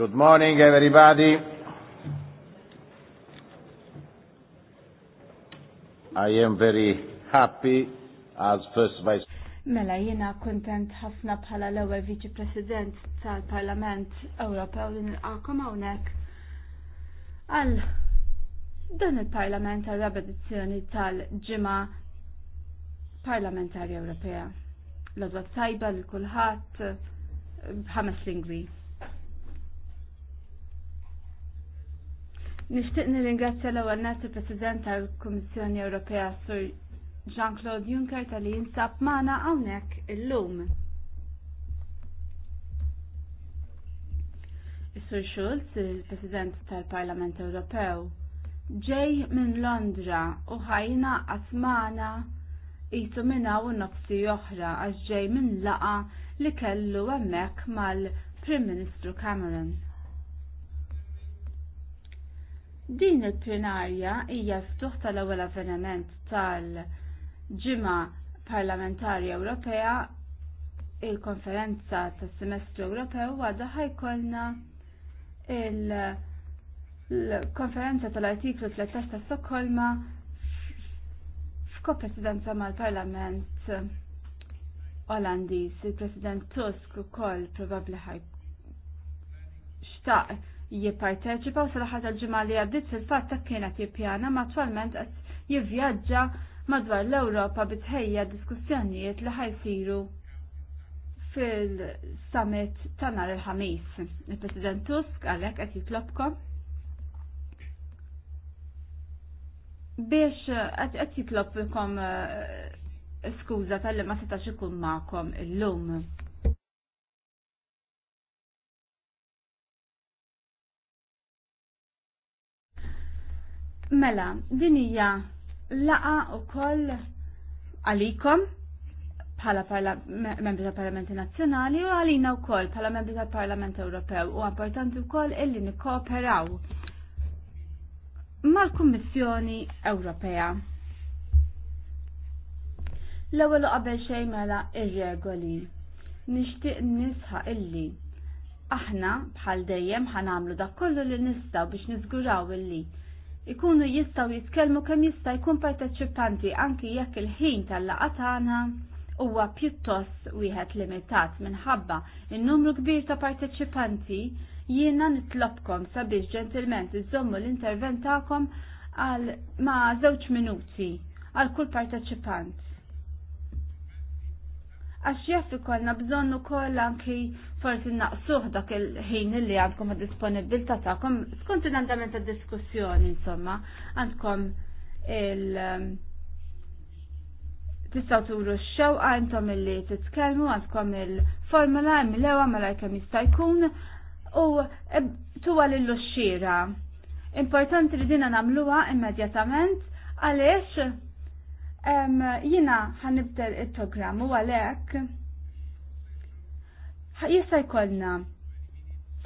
Good morning, everybody. I am very happy as first vice. Mela jiena kontent ħafna bħala l-ewwel Viċi President tal-Parlament Ewropew li nilqakom hawnhekk għal dan il-Parlament għal Rabedizzjoni tal-ġimgħa Parlamentari Ewropea. L-odwa tajba lil kulħadd b'ħames lingwi. Nishtiq nirringrazzja l-ewwel nagħti President tal-Kummissjoni Ewropea Sur Jean-Claude Juncker tal-li jinsab magħna hawnhekk illum. Is-Sur Schulz, il-President tal-Parlament Ewropew, ġej minn Londra u ħajna qasmana jisu minna u nofsi oħra għax ġej minn laqa li kellu hemmhekk mal-Prim Ministru Cameron. Din il-plenarja hija ftuħ tal-ewwel avveniment tal-ġimgħa parlamentari Ewropea il-konferenza tas-semestru Ewropew għadha ħajkolna il-konferenza tal-artiklu 13 ta' Stokholma f'ko-presidenza mal-Parlament Olandiż, il-President Tusk ukoll probabbli ħaj xtaq Jipparteċipaw u sal-ħat tal-ġimgħa li għaddit fil-fatt ta' kienet jippjana ma twalment qed jivvjaġġa madwar l-Ewropa bitħejja diskussjonijiet li ħajsiru fil-summit ta' nhar il-ħamis. Il-President Tusk għalhekk qed jitlobkom biex qed jitlobkom eh, skuża tal-li ma setax ikun magħkom illum. Mela, din hija laqa wkoll għalikom bħala membri tal Parlamenti Nazzjonali u għalina wkoll bħala membri tal Parlament Ewropew u importanti wkoll illi nikkooperaw mal-Kummissjoni Ewropea. L-ewwel qabel xejn mela ir-regoli. Nixtieq nisħa illi aħna bħal dejjem ħanamlu dak kollu li nistgħu biex niżguraw illi ikunu jistaw jitkellmu kemm jista' jkun parteċipanti anki jekk il-ħin tal-laqa tagħna huwa pjuttost wieħed limitat minħabba n numru kbir ta' parteċipanti jiena nitlobkom sabiex ġentilment iżommu l-intervent tagħkom għal ma' żewġ minuti għal kull parteċipant għax jaf ikollna bżonnu koll anki forsi naqsuh dak il-ħin li għandkom għad disponibilta ta'kom skont il-andament ta' diskussjoni insomma għandkom il- tistaw turu x-xewqa intom illi titkellmu għandkom il-formula mill-ewa mela kemm jista' jkun u tuwa lillu xxira. Importanti li dina nagħmluha immedjatament għaliex Jina ħanibdel il program u għalek jista jkollna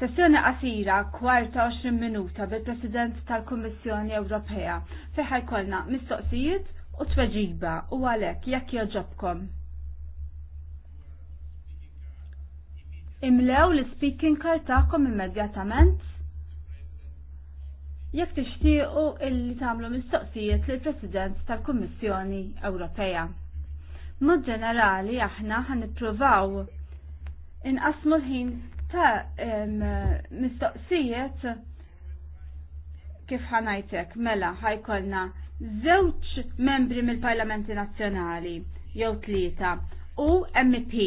sessjoni qasira kwarta 20 minuta bil-President tal-Kommissjoni Ewropea fejn jkollna mistoqsijiet u tweġiba u għalek jekk joġobkom. Imlew l-speaking card tagħkom immedjatament jekk tixtiequ illi tagħmlu mistoqsijiet lill President tal-Kummissjoni Ewropea. Mod ġenerali aħna ħan nippruvaw inqasmu l-ħin ta' mistoqsijiet kif ħanajtek mela ħajkolna żewġ membri mill-Parlamenti Nazzjonali jew tlieta u MP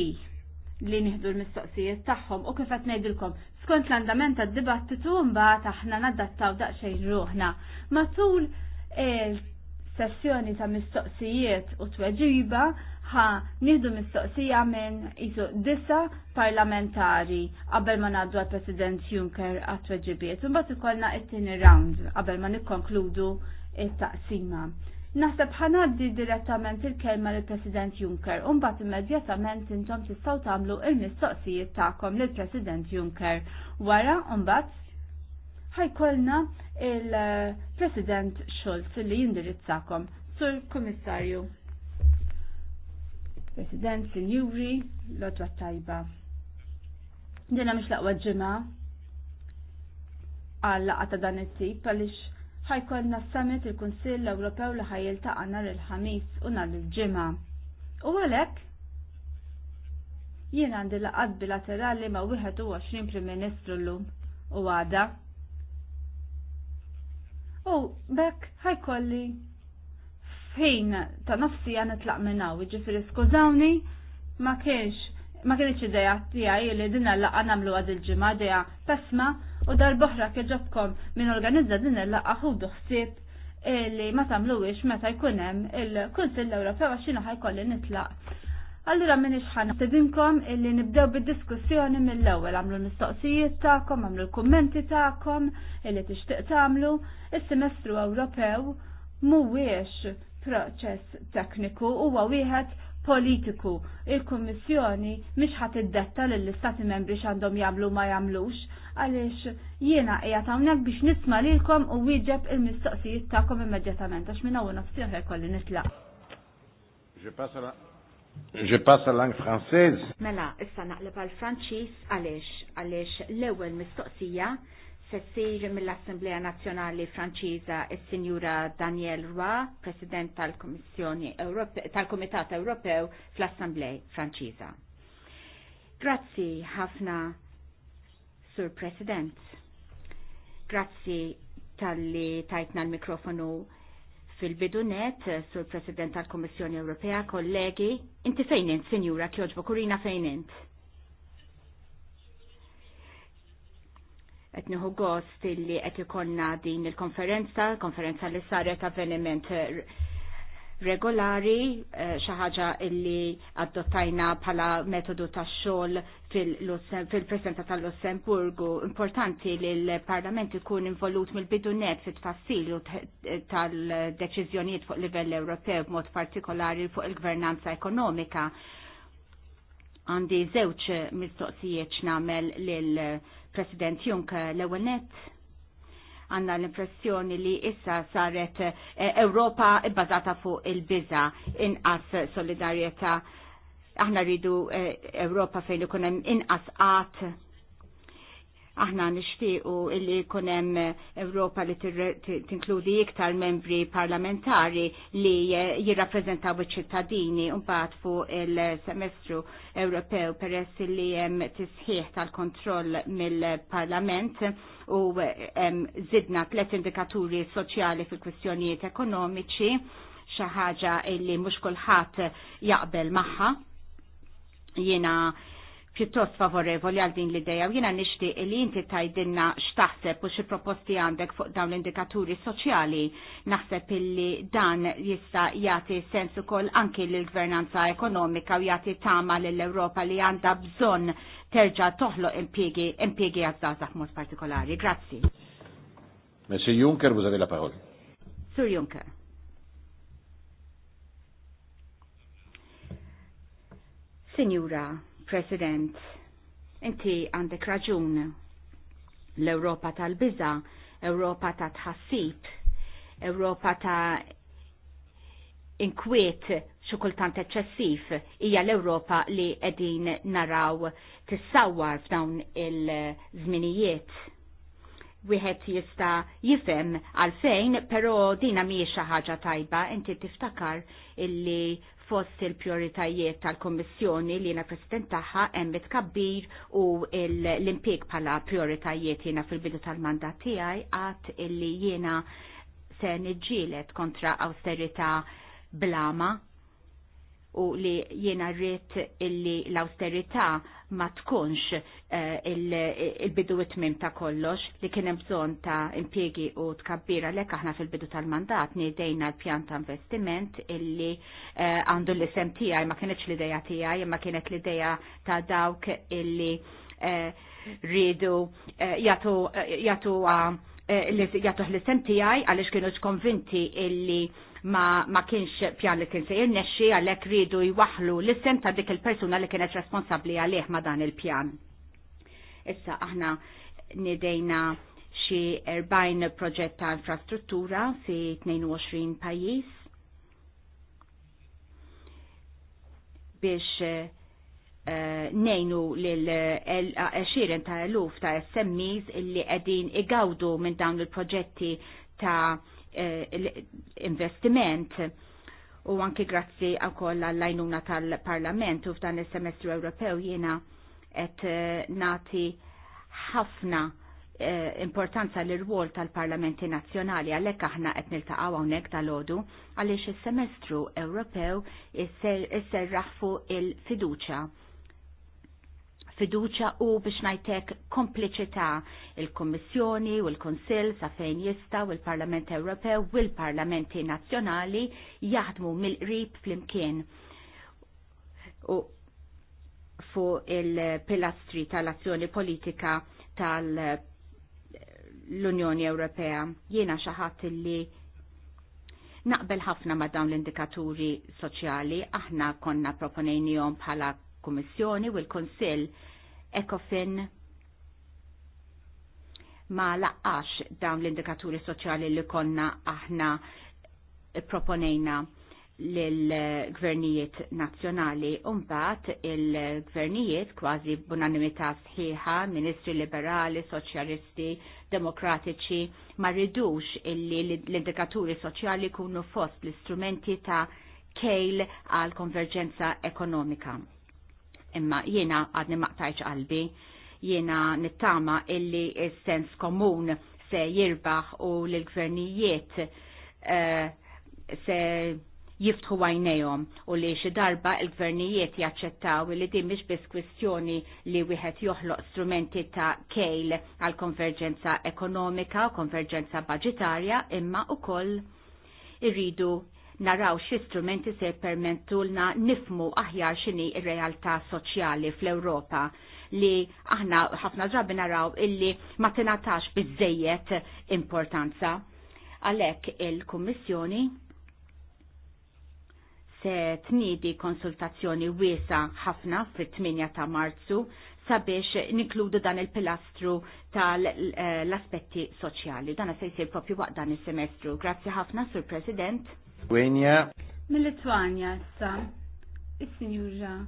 li nieħdu l-mistoqsijiet tagħhom u kif qed ngħidilkom skont l-andament tad dibattitu mbagħad aħna nadattaw daqsxejn ruħna. Matul il-sessjoni ta' mistoqsijiet u tweġiba ħa nieħdu mistoqsija minn isu disa parlamentari qabel ma ngħaddu għall-President Juncker għat tweġibiet. Imbagħad ikollna it-tieni round qabel ma nikkonkludu it-taqsima. Naħseb ħanaddi direttament il-kelma lill president Juncker, u mbagħad immedjatament intom tistgħu tagħmlu il-mistoqsijiet tagħkom lill president Juncker. Wara, u mbagħad ħajkolna il-President Schulz li jindirizzakom. Sur Kummissarju. President, Sinjuri, otwa Tajba. Dina mhix laqwa ġimgħa għal laqa ta' dan it-tip għaliex ħajkollna summit il-Kunsill Ewropew li ħajiltaqa' nhar il-ħamis u nhar il-ġimgħa. U għalhekk jien għandi laqat bilaterali ma' wieħed 21 Prim Ministru llum u għada. U bekk ħajkolli ħin ta' nofsi għan itlaq minnaw, ġifiri skużawni ma kienx ma kienx id-dajat tijaj li dinna laqqa namlu għad il-ġimma pesma U dal-boħra keġobkom minn organizza din il-laqqa ħudu ħsieb li ma tamluwix meta jkunem il-Kunsill Ewropew għax xinu ħajkolli nitlaq. Allura minn ixħan tidinkom illi nibdew bid-diskussjoni mill-ewwel għamlu mistoqsijiet tagħkom, għamlu l-kummenti tagħkom illi tixtieq tagħmlu. Is-semestru Ewropew mhuwiex proċess tekniku huwa wieħed politiku. Il-Kummissjoni mhix ħadd iddetta lill-Istati membri x'għandhom jagħmlu ma jagħmlux għaliex jiena qiegħed hawnhekk biex nisma' lilkom u wieġeb il-mistoqsijiet tagħkom immedjatament għax minn hawn nofsi oħra jkolli nitlaq. Je passe la langue française. Mela, issa naqleb għal Franċiż għaliex għaliex l-ewwel mistoqsija se sir mill-Assemblea Nazzjonali Franċiża is-Sinjura Daniel Roy, President tal-Kummissjoni tal-Kumitat Ewropew fl-Assemblea Franċiża. Grazzi ħafna, Sur President. Grazzi tal-li tajtna l-mikrofonu fil-bidunet, Sur President tal komissjoni Ewropea, kollegi. Inti fejn int, Sinjura Kjoġbo, kurina fejn int? qed nieħu gost illi qed ikollna din il-konferenza, konferenza li saret avveniment regolari, eh, xi ħaġa illi adottajna bħala metodu tax-xogħol fil-presenza tal-Lussemburgu. Importanti li l-Parlament ikun involut mill-bidunet fit-tfassil tal-deċiżjonijiet fuq livell Ewropew b'mod partikolari fuq il-gvernanza ekonomika. Għandi żewġ mistoqsijiet x'namel lil President Juncker l-ewwel għanna l-impressjoni li issa saret eh, Ewropa bazata fuq il-biża inqas solidarjetà. Aħna rridu eh, Ewropa fejn ikun hemm inqas qatt Aħna nixtiequ illi jkun hemm Ewropa li tinkludi iktar membri parlamentari li jirrappreżentaw iċ-ċittadini mbagħad fuq il-semestru Ewropew peress li hemm tisħiħ tal-kontroll mill-Parlament u zidna tliet indikaturi soċjali fil-kwistjonijiet ekonomiċi xi ħaġa illi mhux kulħadd jaqbel magħha jiena pjuttost favorevoli għal din l-ideja u jina nishti li inti tajdinna xtaħseb u xi proposti għandek fuq dawn l-indikaturi soċjali naħseb illi dan jista jagħti sens ukoll anki l-gvernanza ekonomika u jagħti tama l-Ewropa li għandha bżonn terġa' toħloq impiegi, impjiegi għażgħażagħ mod partikolari. Grazzi. Messi Juncker, vous avez la parol. Sur Juncker. Signora President, inti għandek raġun. L-Europa tal-biża, Europa ta' tħassib, Europa ta' inkwiet xukultant eċċessiv hija l-Europa li qegħdin naraw tissawwar f'dawn il-żminijiet. Wieħed jista' jifhem għalfejn, però dina mhijiex xi ħaġa tajba inti tiftakar illi fost il-prioritajiet tal-Kommissjoni li jena President taħħa emmet kabbir u l-impieg pala prioritajiet jena fil-bidu tal-mandat tijaj għat illi jena se nġilet kontra austerita blama u li jiena rrit illi l-austerità ma tkunx eh, il-bidu it mim ta' kollox li kienem bżon ta' impiegi u tkabbira lek aħna fil-bidu tal-mandat nidejna l-pjan ta' investiment illi eh, għandu l-isem tijaj ma kienieċ l-ideja tijaj ma kienet l-ideja ta' dawk illi eh, rridu jatu jatu jatu l-isem tijaj għalix kienu konvinti illi ma, ma kienx pjan li kien se jirnexxi għalhekk rridu jwaħħlu l-isem ta' dik il-persuna li kienet responsabbli għalih ma' dan il-pjan. Issa aħna nidejna xi 40 proġett ta' infrastruttura fi 22 pajjiż biex uh, nejnu l-20 ta' eluf ta' SMEs illi qegħdin igawdu minn dawn il-proġetti ta' Eh, l investiment u anki grazzi għakoll għall-lajnuna tal-Parlament u f'dan il-semestru Ewropew jiena et eh, nati ħafna eh, importanza l rwol tal-parlamenti nazjonali għalek aħna qed niltaqgħu hawnhekk tal-għodu għaliex is-semestru Ewropew isserraħ fuq il-fiduċa il il fiduċa fiduċa u biex najtek kompliċità il-Kommissjoni u l-Konsil sa fejn jista u l-Parlament Ewropew u l-Parlamenti Nazzjonali jaħdmu mill-qrib fl-imkien u fu il-pilastri tal-azzjoni politika tal-Unjoni Ewropea. Jiena xaħat li naqbel ħafna ma' dawn l-indikaturi soċjali, aħna konna proponejnijom bħala il-Kummissjoni u l-Konsill ECOFIN ma laqqax dawn l-indikaturi soċjali li konna aħna proponejna l-gvernijiet nazjonali umbat il-gvernijiet kważi b'unanimità sħiħa, ministri liberali, soċjalisti, demokratiċi, ma ridux illi l-indikaturi soċjali kunu fost l-istrumenti ta' kejl għal konverġenza ekonomika imma jiena għadni maqtajċ qalbi, jiena nittama illi il-sens komun se jirbaħ u l-gvernijiet eh, se jiftħu għajnejhom u li xi darba l-gvernijiet jaċċettaw li din mhix biss kwistjoni li wieħed joħloq strumenti ta' kejl għal konverġenza ekonomika u konverġenza budgetarja imma ukoll irridu naraw strumenti se permentulna nifmu aħjar xini ir-realtà soċjali fl-Ewropa li aħna ħafna drabi naraw illi ma tingħatax bizzejiet importanza. Għalhekk il-Kummissjoni se tniedi konsultazzjoni wiesa ħafna fit-8 ta' Marzu sabiex nikludu dan il-pilastru tal-aspetti eh, soċjali. Dan se jsir propju waqt dan is semestru Grazzi ħafna, Sur President. Litwania. Mill-Litwania issa. Is-Sinjura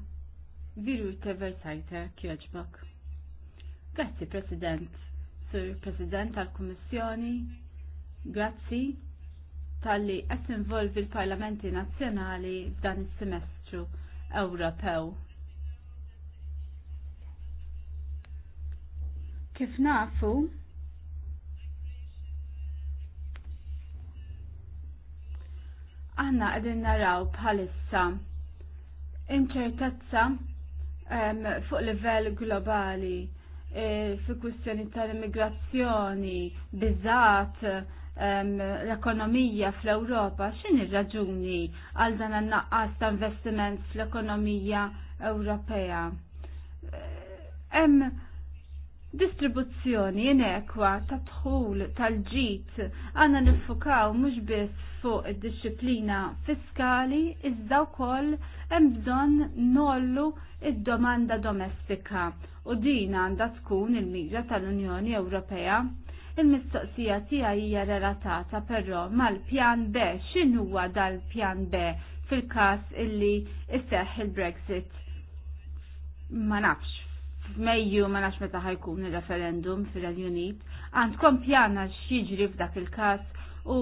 Viru Teversajta Kjoġbok. Grazzi President, Sur President tal-Kummissjoni, grazzi tal-li qed involvi l-Parlamenti Nazzjonali f'dan is-semestru Ewropew. Kif nafu, aħna qegħdin naraw bħalissa inċertezza fuq livell globali e, fi kwistjoni tal-immigrazzjoni, biżat, l-ekonomija fl-Ewropa, xin ir-raġuni għal dan għannaqqas ta' investiment fl-ekonomija Ewropea? distribuzzjoni inekwa ta' tħul tal-ġit għanna nifukaw mhux biss fuq id-disciplina fiskali iżda wkoll hemm bżonn nollu id-domanda domestika u din għandha tkun il-mira tal-Unjoni Ewropea. Il-mistoqsija tiegħi hija relatata però mal-pjan B x'in huwa dal-pjan B fil-każ illi isseħħ il-Brexit ma nafx f'Mejju ma nafx meta ħajkun ir-referendum fir-Unit, għandkom pjana x'jiġri f'dak il-każ u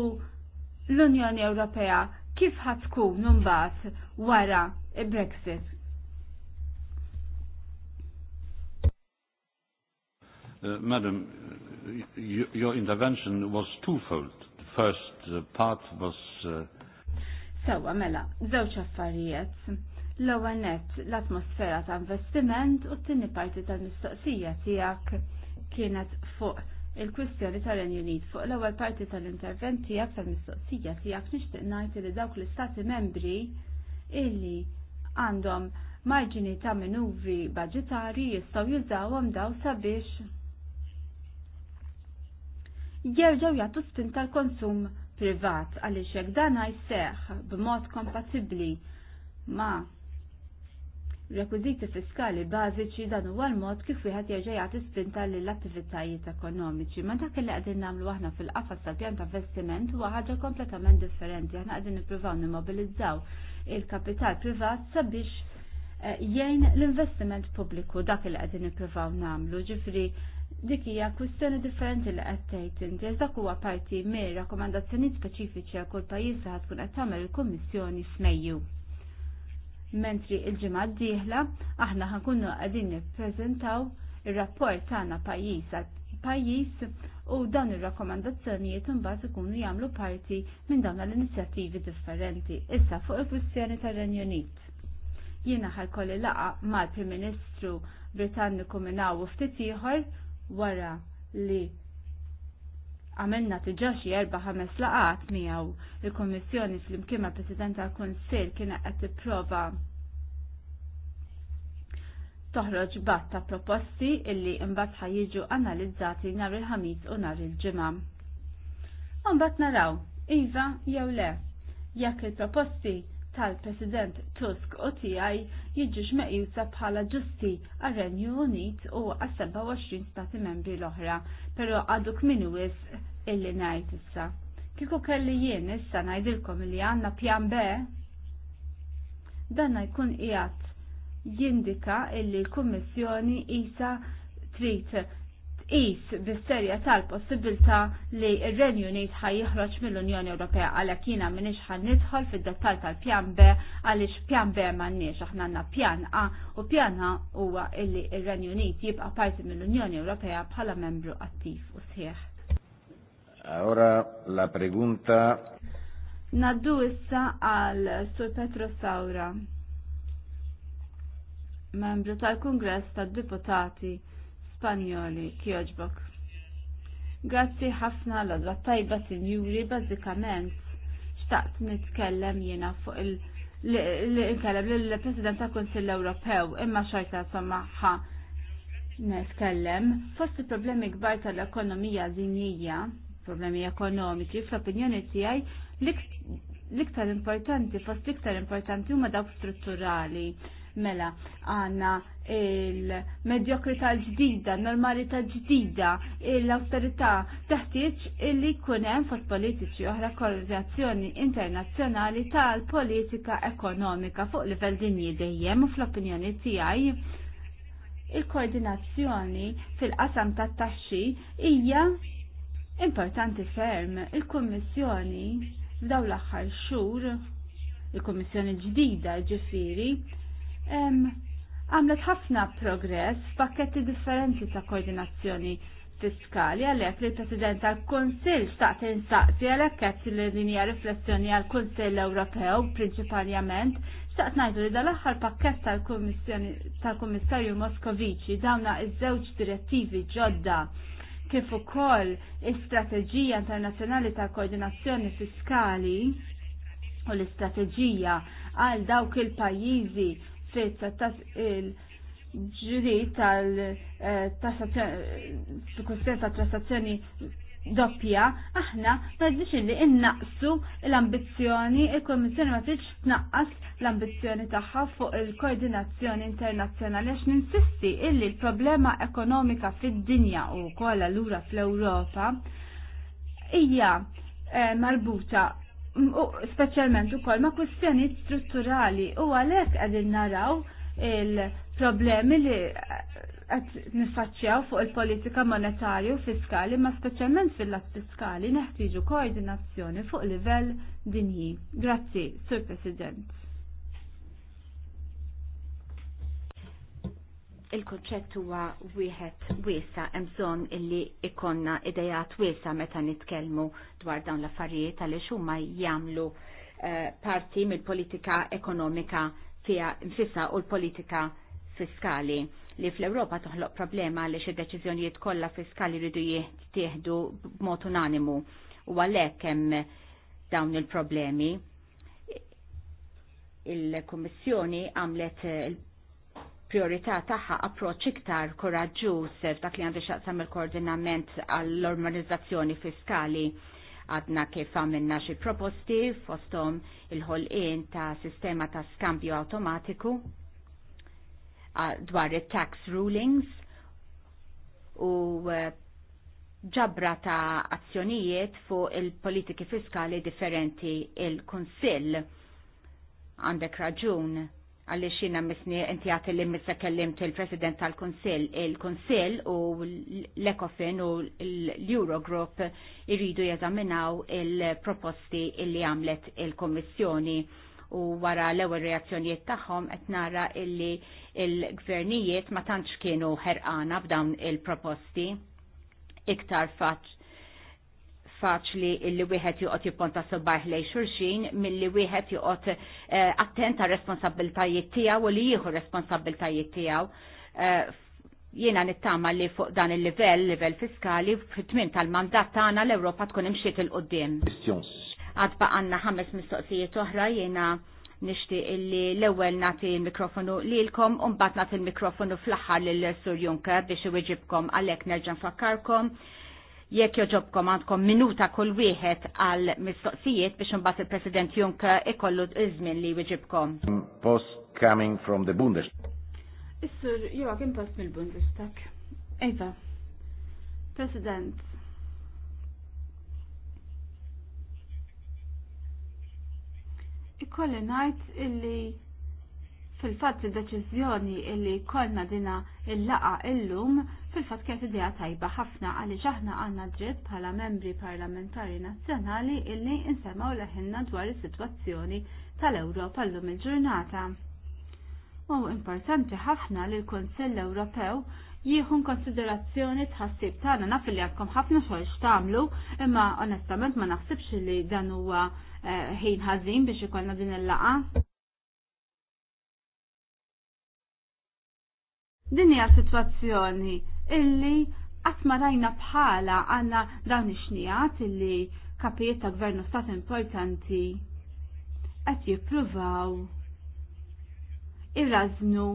l-Unjoni Ewropea kif ħadd tkun imbagħad wara il-Brexit. Uh, madam, your intervention was twofold. The first uh, part was... Uh... Sewa, mela, zewċ affarijiet L-ewwel nett l-atmosfera ta' investiment u t-tieni parti tal-mistoqsija tiegħek kienet fuq il-kwistjoni tal-Renju Unit fuq l-ewwel parti tal-intervent tiegħek tal-mistoqsija tiegħek nixtieq ngħid li dawk l-istati membri illi għandhom marġini ta' minuvri budgetari jistgħu jużawhom daw sabiex jerġgħu jagħtu spin tal-konsum privat għaliex hekk dan għajseħ b'mod kompatibbli ma' rekwiziti fiskali bażiċi dan huwa l-mod kif wieħed jerġa' jagħti spinta lill attivitajiet ekonomiċi. Ma dak li qegħdin nagħmlu aħna fil-qafas tal-pjan ta' investiment huwa ħaġa kompletament differenti. Aħna qegħdin nippruvaw nimmobilizzaw il-kapital privat sabiex eh, jgħin l-investiment pubbliku dak li qegħdin nippruvaw nagħmlu. Ġifri dik hija kwistjoni differenti li qed tgħid inti dak huwa parti mir rakkomandazzjonijiet speċifiċi għal kull pajjiż ħad tkun qed tagħmel il-Kummissjoni f'Mejju mentri il-ġimgħa d-dieħla aħna ħankunu qegħdin nippreżentaw ir-rapport tagħna pajjiż pajjiż u dawn ir-rakkomandazzjonijiet imbagħad ikunu jagħmlu parti minn dawn l-inizjattivi differenti. Issa fuq il-kwistjoni tar-Renju Unit. Jiena ħajkolli laqa mal-Prim Ministru Britanniku minn hawn ftit ieħor wara li għamilna tiġa xi erba' ħames laqat miegħu il-Kummissjoni fl-imkien President tal-Kunsill kien qed tipprova toħroġ batta ta' proposti illi mbagħad ħajjiġu analizzati nhar il-ħamis u nhar il-ġimgħa. Mbagħad naraw iva jew le jekk il-proposti tal-President Tusk u tiegħi jiġux meqjusa bħala ġusti għar-Renju Unit u għal 27 stati membri l-oħra, però għadu kminu wis illi ngħid issa. Kieku kelli jien issa ngħidilkom li għandna pjan B, danna jkun qiegħed jindika illi l-Kummissjoni jisa trit is bis-serja tal-possibilità li r-Renju Unit ħaj jieħroġ mill-Unjoni Ewropea għalhekk jiena m'iniex ħan nidħol fid-dettall tal-pjan B għaliex pjan B m'għandniex aħna għandna pjan A u pjan A huwa illi r-Renju Unit jibqa' parti mill-Unjoni Ewropea bħala membru attiv u sħiħ. Ora la pregunta Naddu issa għal Sur Petro Saura, membru tal-Kongress tad-Diputati Spanjoli kjoġbok. Grazzi ħafna l tajba sinjuri bazzikament xtaqt nitkellem jena fuq il- kellem l-President ta' Kunsill Ewropew imma xorta sommaħħa nitkellem fost il-problemi kbar tal-ekonomija dinjija, problemi ekonomiċi, fl-opinjoni tiegħi l-iktar importanti fost l-iktar importanti huma dawk strutturali Mela, għanna il-medjokrita ġdida, normalità ġdida, l-austerità taħtieġ illi kunem fost politiċi oħra korrelazzjoni internazzjonali tal-politika ekonomika fuq livell dinji dejjem u fl-opinjoni tiegħi il-koordinazzjoni fil-qasam tat-taxxi hija importanti ferm il-Kummissjoni f'dawn l-aħħar xhur il-Kummissjoni ġdida ġifiri għamlet ħafna progress f'pakketti differenti ta' koordinazzjoni fiskali għalhekk li l-President tal-Kunsill staqt insaqsi għalhekk qed li linja riflessjoni għall-Kunsill Ewropew prinċipalment staqt ngħidu li dal-aħħar pakkett tal-Kummissjoni tal-Kummissarju Moskovici dawna iż-żewġ direttivi ġodda kif ukoll l strateġija internazzjonali ta' koordinazzjoni fiskali u l-istrateġija għal dawk il-pajjiżi trizza tas il ġiri tal-kustenza tal trastazzjoni eh, eh, doppja, aħna taġġiċ li innaqsu l-ambizjoni, il-Komissjoni ma tiġ tnaqqas l-ambizjoni tagħha fuq il-koordinazzjoni internazzjonali għax ninsisti illi l-problema ekonomika fid-dinja u l allura fl-Ewropa hija eh, marbuta specialment u kol ma kustjoni strutturali u għalek għadin naraw il-problemi li għad nifacċjaw fuq il-politika monetarju fiskali ma specialment fil-lat fiskali neħtiġu koordinazzjoni fuq livell dinji. Grazzi, Sur President. il-konċett huwa wieħed wiesa hemm bżonn illi ikonna idejat wiesa meta nitkellmu dwar dawn l-affarijiet għaliex huma jagħmlu eh, parti mill-politika ekonomika fiha nfissa u l-politika fiskali li fl-Ewropa toħloq problema għaliex id-deċiżjonijiet kollha fiskali rridu jittieħdu b'mod unanimu u għalhekk hemm dawn il-problemi il kummissjoni għamlet priorità tagħha approċċ iktar koraġġuż f'dak li għandu xaqsam il-koordinament għall-normalizzazzjoni fiskali għadna kif għamilna xi proposti fostom il-ħolqien ta' sistema ta' skambju automatiku dwar it-tax rulings u e, ġabra ta' azzjonijiet fuq il-politiki fiskali differenti il-Kunsill għandek raġun għalli xina misni inti għati li missa kellimt il-President tal-Konsil, il-Konsil u l-Ekofin u l-Eurogroup irridu jazaminaw il-proposti illi għamlet il-Komissjoni u wara l-ewwel reazzjonijiet tagħhom qed nara illi il-gvernijiet ma tantx kienu ħerqana b'dawn il-proposti iktar faċ faċli illi wieħed joqgħod jipponta subbaħ lej xulxin milli wieħed joqgħod attenta eh, attent responsabbiltajiet tiegħu u li jieħu responsabbiltajiet tiegħu. Eh, jiena nittama li fuq dan il-livell, livell fiskali, fit-tmim tal-mandat tagħna l-Ewropa tkun imxiet il-qudiem. Għad baqanna ħames mistoqsijiet oħra jiena nixtieq illi l ewwel nagħti l mikrofonu lilkom, u mbagħad nagħti il-mikrofonu fl aħħar lill sur Juncker biex iwiġibkom għalhekk nerġa' nfakkarkom jekk joġobkom għandkom minuta kull wieħed għal mistoqsijiet biex imbagħad il-President Juncker ikollu iż-żmien li jwiġibkom. Post coming from the Bundestag. Issur, jew Joachim Post mill-Bundestag. Eva, President, ikolli ngħid illi fil-fatt id-deċiżjoni illi kollna dina il-laqa illum fil-fat kienet idea tajba ħafna għaliex aħna għandna dritt bħala membri parlamentari nazzjonali illi insemaw leħinna dwar is-sitwazzjoni tal-Ewropa llum il-ġurnata. U importanti ħafna li l-Kunsill Ewropew jieħu konsiderazzjoni tħassib tagħna naf li għandkom ħafna xogħol tagħmlu, imma onestament ma naħsibx li dan huwa eh, ħin ħażin biex ikollna din il-laqa. Din hija sitwazzjoni illi għatma rajna bħala għanna dawn ix-xnijat illi kapijiet ta' gvernu stat importanti qed jippruvaw irraznu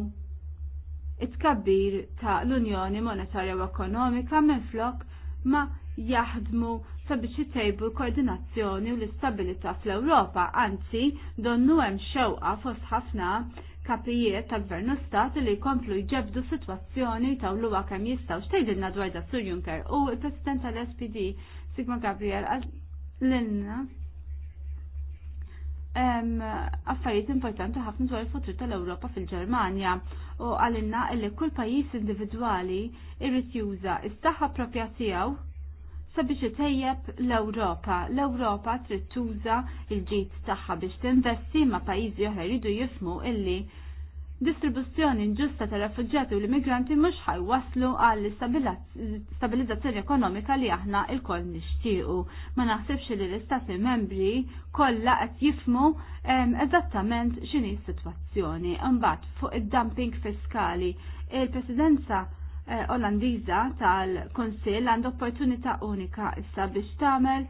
it-kabbir ta' l-Unjoni Monetarja u Ekonomika minflok ma jaħdmu sabiex jitejbu l-koordinazzjoni u l-istabilità fl-Ewropa, anzi donnu hemm xewqa fost ħafna kapijiet tal-Gvernu Stat li jkomplu jġebdu situazzjoni tawlu kemm jistgħu xtejdilna dwar da Sur Juncker u l president tal-SPD Sigma Gabriel l-inna affarijiet importanti ħafna dwar il-futur tal-Ewropa fil-Ġermanja u għalinna li kull pajjiż individwali irrit juża is-saħħa proprja tiegħu sabiex itejjeb l-Ewropa. L-Ewropa trid tuża l-ġid tagħha biex tinvesti ma' pajjiżi oħra jridu jifmu illi distribuzzjoni ġusta ta' rafuġġati u l-immigranti mhux ħajwaslu għall stabilizzazzjoni ekonomika li aħna lkoll nixtiequ. Ma naħsibx li l-istati membri kollha qed jifmu eżattament x'inhi s-sitwazzjoni. Imbagħad fuq id-dumping fiskali, il-Presidenza Eh, Olandiża tal konsil għandu opportunità unika issa biex tagħmel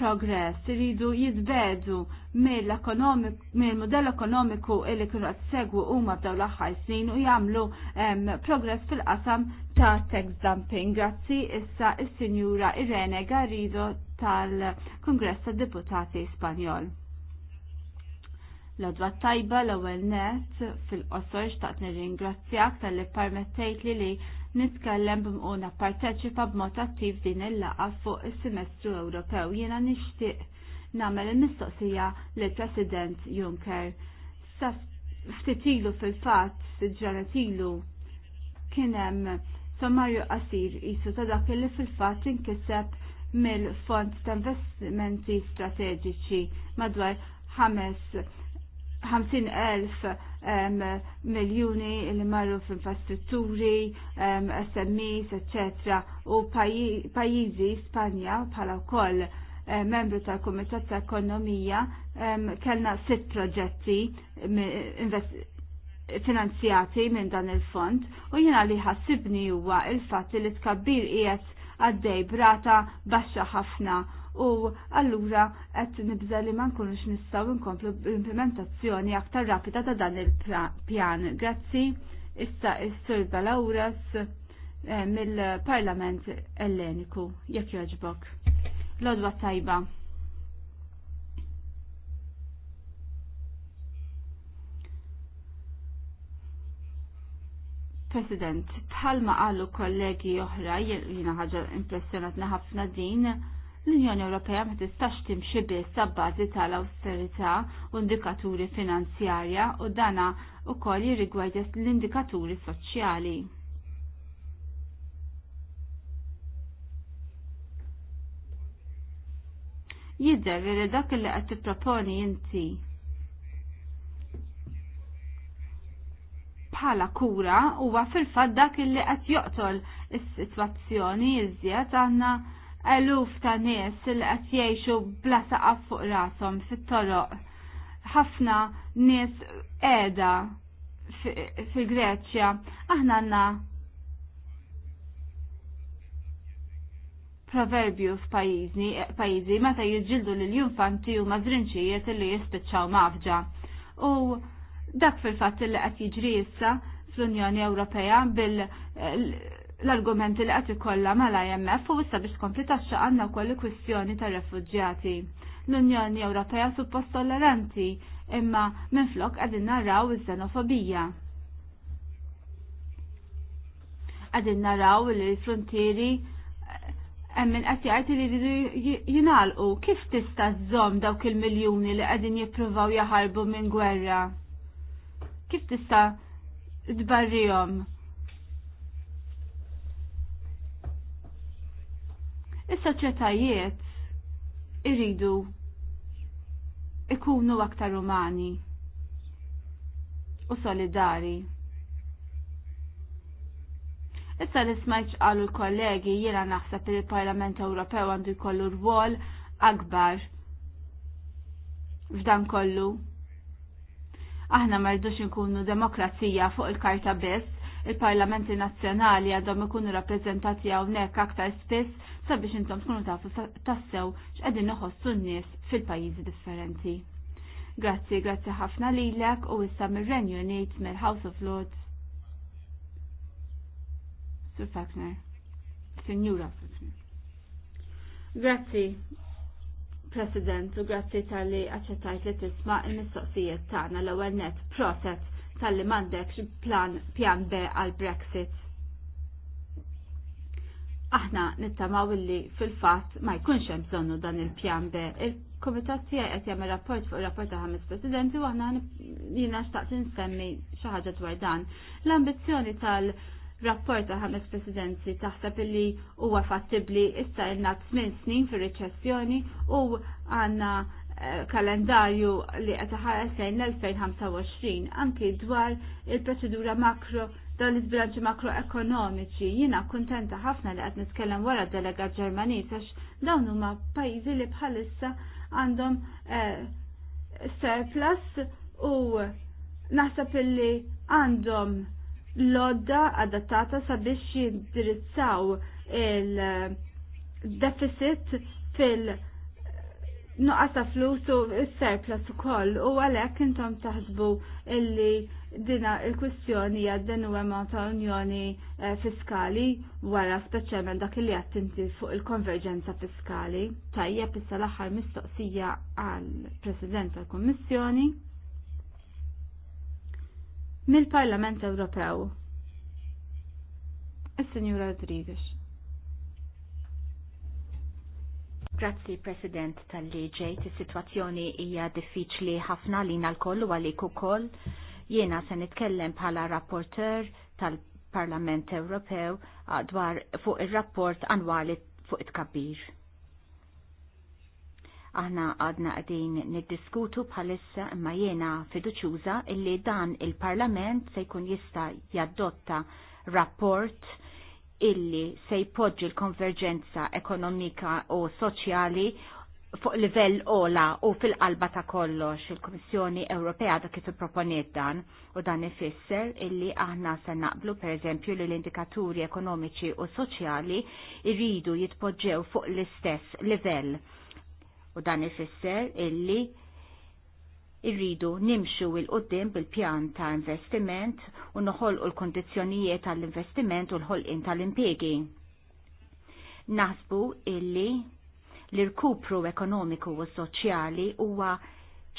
progress iridu jitbedu mill-modell ekonomiku li kienu qed segwu huma f'dawn l-aħħar snin u jagħmlu ehm, progress fil-qasam ta' tax dumping. Grazzi issa s sinjura Irene Garrido tal-Kongress tad-Deputati Spanjol l-odwa tajba l ewwel net fil-qosor xtaqt nirringrazzjak tal-li permettejt li li nitkellem b'mquna parteċipa b'mod attiv din il-laqa fuq is-semestru Ewropew. Jiena nixtieq nagħmel il-mistoqsija lill President Juncker. Sa ftitilu fil-fatt ilu, kien hemm sommarju qasir qisu ta' dak li fil-fatt inkiseb mill-Fond ta' Investimenti Strateġiċi madwar ħames 50.000 miljoni li marru f'infrastrutturi, infrastrutturi SMEs, etc. U pajizi Spanja bħala wkoll membru tal-Kumitat ta' Ekonomija kellna sitt proġetti finanzjati minn dan il-fond u jiena li ħassibni huwa il-fatt li tkabbir qiegħed għaddej brata baxxa ħafna u allura qed nibża li ma nkunux nistgħu nkomplu l-implementazzjoni aktar rapida ta' dan il-pjan. Grazzi issa s-Sur Balawras eh, mill-Parlament Elleniku jekk jogħġbok. Lodwa tajba. President, bħalma għallu kollegi oħra, jiena ħaġa impressjonatna ħafna din, l-Unjoni Ewropea ma tistax timxi biss sabbażi tal-awsterità u indikaturi finanzjarja u dana wkoll jirrigwardja l-indikaturi soċjali. Jidher li dak li qed tipproponi inti bħala kura huwa fil-fatt dak li qed joqtol is-sitwazzjoni iżjed għandna eluf ta' nies li qed jgħixu bla saqaf fuq rashom fit-toroq. Ħafna nies qiegħda fil-Greċja. Aħna għandna proverbju f'pajjiżi meta jiġġildu lil infanti huma żrinċijiet illi jispiċċaw mafġa. U dak fil-fatt li qed jiġri issa fl-Unjoni Ewropea bil l-argumenti li għati kolla ma l-IMF u issa biex tkompli taxxa għanna wkoll kwistjoni ta' refugġjati. L-Unjoni Ewropea suppost tolleranti imma minflok qegħdin narraw iż-xenofobija. Qegħdin naraw li l-frontieri eh, min qed jgħid li jridu jingħalqu kif tista' żżomm dawk il-miljuni li qegħdin jippruvaw jaħarbu minn gwerra. Kif tista' tbarrihom? Is-soċjetajiet iridu ikunu aktar umani u solidari. Issa li smajċ għalu l-kollegi jiena naħseb li l-Parlament Ewropew għandu jkollu rwol akbar f'dan kollu. Aħna ma rridux demokrazija fuq il-karta biss, il-parlamenti nazzjonali għadhom ikunu rappreżentati hawnhekk aktar spiss sabiex intom tkunu tafu tassew x'qegħdin noħossu n-nies fil-pajjiżi differenti. Grazzi, grazzi ħafna lilek u issa mir-Renju Unit mill-House of Lords. Sir Faulkner. Signora Faulkner. Grazzi, President, u grazzi tal-li accettajt li tisma il-mistoqsijiet tagħna l-ewwel net proset tal-li mandekx plan pjan B għal Brexit. Aħna nittamaw illi fil-fat ma jkunx hemm bżonnu dan il-pjan B. Il-Komitat tiegħi qed jagħmel rapport fuq rapport ta' ħames presidenti u aħna jiena xtaqt insemmi xi ħaġa dwar dan. L-ambizzjoni tal- rapport ta' ħames presidenzi taħseb illi huwa fattibli issa ilna 8 snin fir-reċessjoni u għandna kalendarju li għataħares lejn l-2025 anki dwar il-proċedura makro dan l-izbilanċi makroekonomiċi. Jina kontenta ħafna li għat nitkellem wara delega Ġermaniż għax dawn huma pajjiżi li bħalissa għandhom eh, surplus u naħseb illi għandhom lodda adattata sabiex jindirizzaw il-deficit fil- nuqqas ta' flus u s-surplus ukoll u għalhekk intom taħsbu illi dina il-kwistjoni għadden u għemma ta' unjoni eh, fiskali wara speċjalment dak li għattinti fuq il-konverġenza fiskali. tajjeb issa l-axar mistoqsija għal-President tal-Kommissjoni mill-Parlament Ewropew. is senjura Rodriguez. Grazzi President tal-liġej, is-sitwazzjoni hija diffiċli ħafna li l kollu u għalik ukoll. Jiena se nitkellem bħala rapporter tal-Parlament Ewropew dwar fuq ir-rapport annwali fuq it kabir Aħna għadna għadin niddiskutu bħalissa imma jiena fiduċuża illi dan il-Parlament se jkun jista' jadotta rapport illi se jpoġġi l-konverġenza ekonomika u soċjali fuq livell ola u fil-qalba ta' kollox il-Komissjoni Ewropea da kif proponiet dan u dan ifisser illi aħna se naqblu per eżempju li l-indikaturi ekonomiċi u soċjali irridu jitpoġġew fuq l-istess livell u dan ifisser illi irridu nimxu il-qoddim bil-pjan ta' investiment u noħolqu l-kondizjonijiet tal-investiment u l-ħolqin tal-impiegi. Nasbu illi l-irkupru ekonomiku u soċjali huwa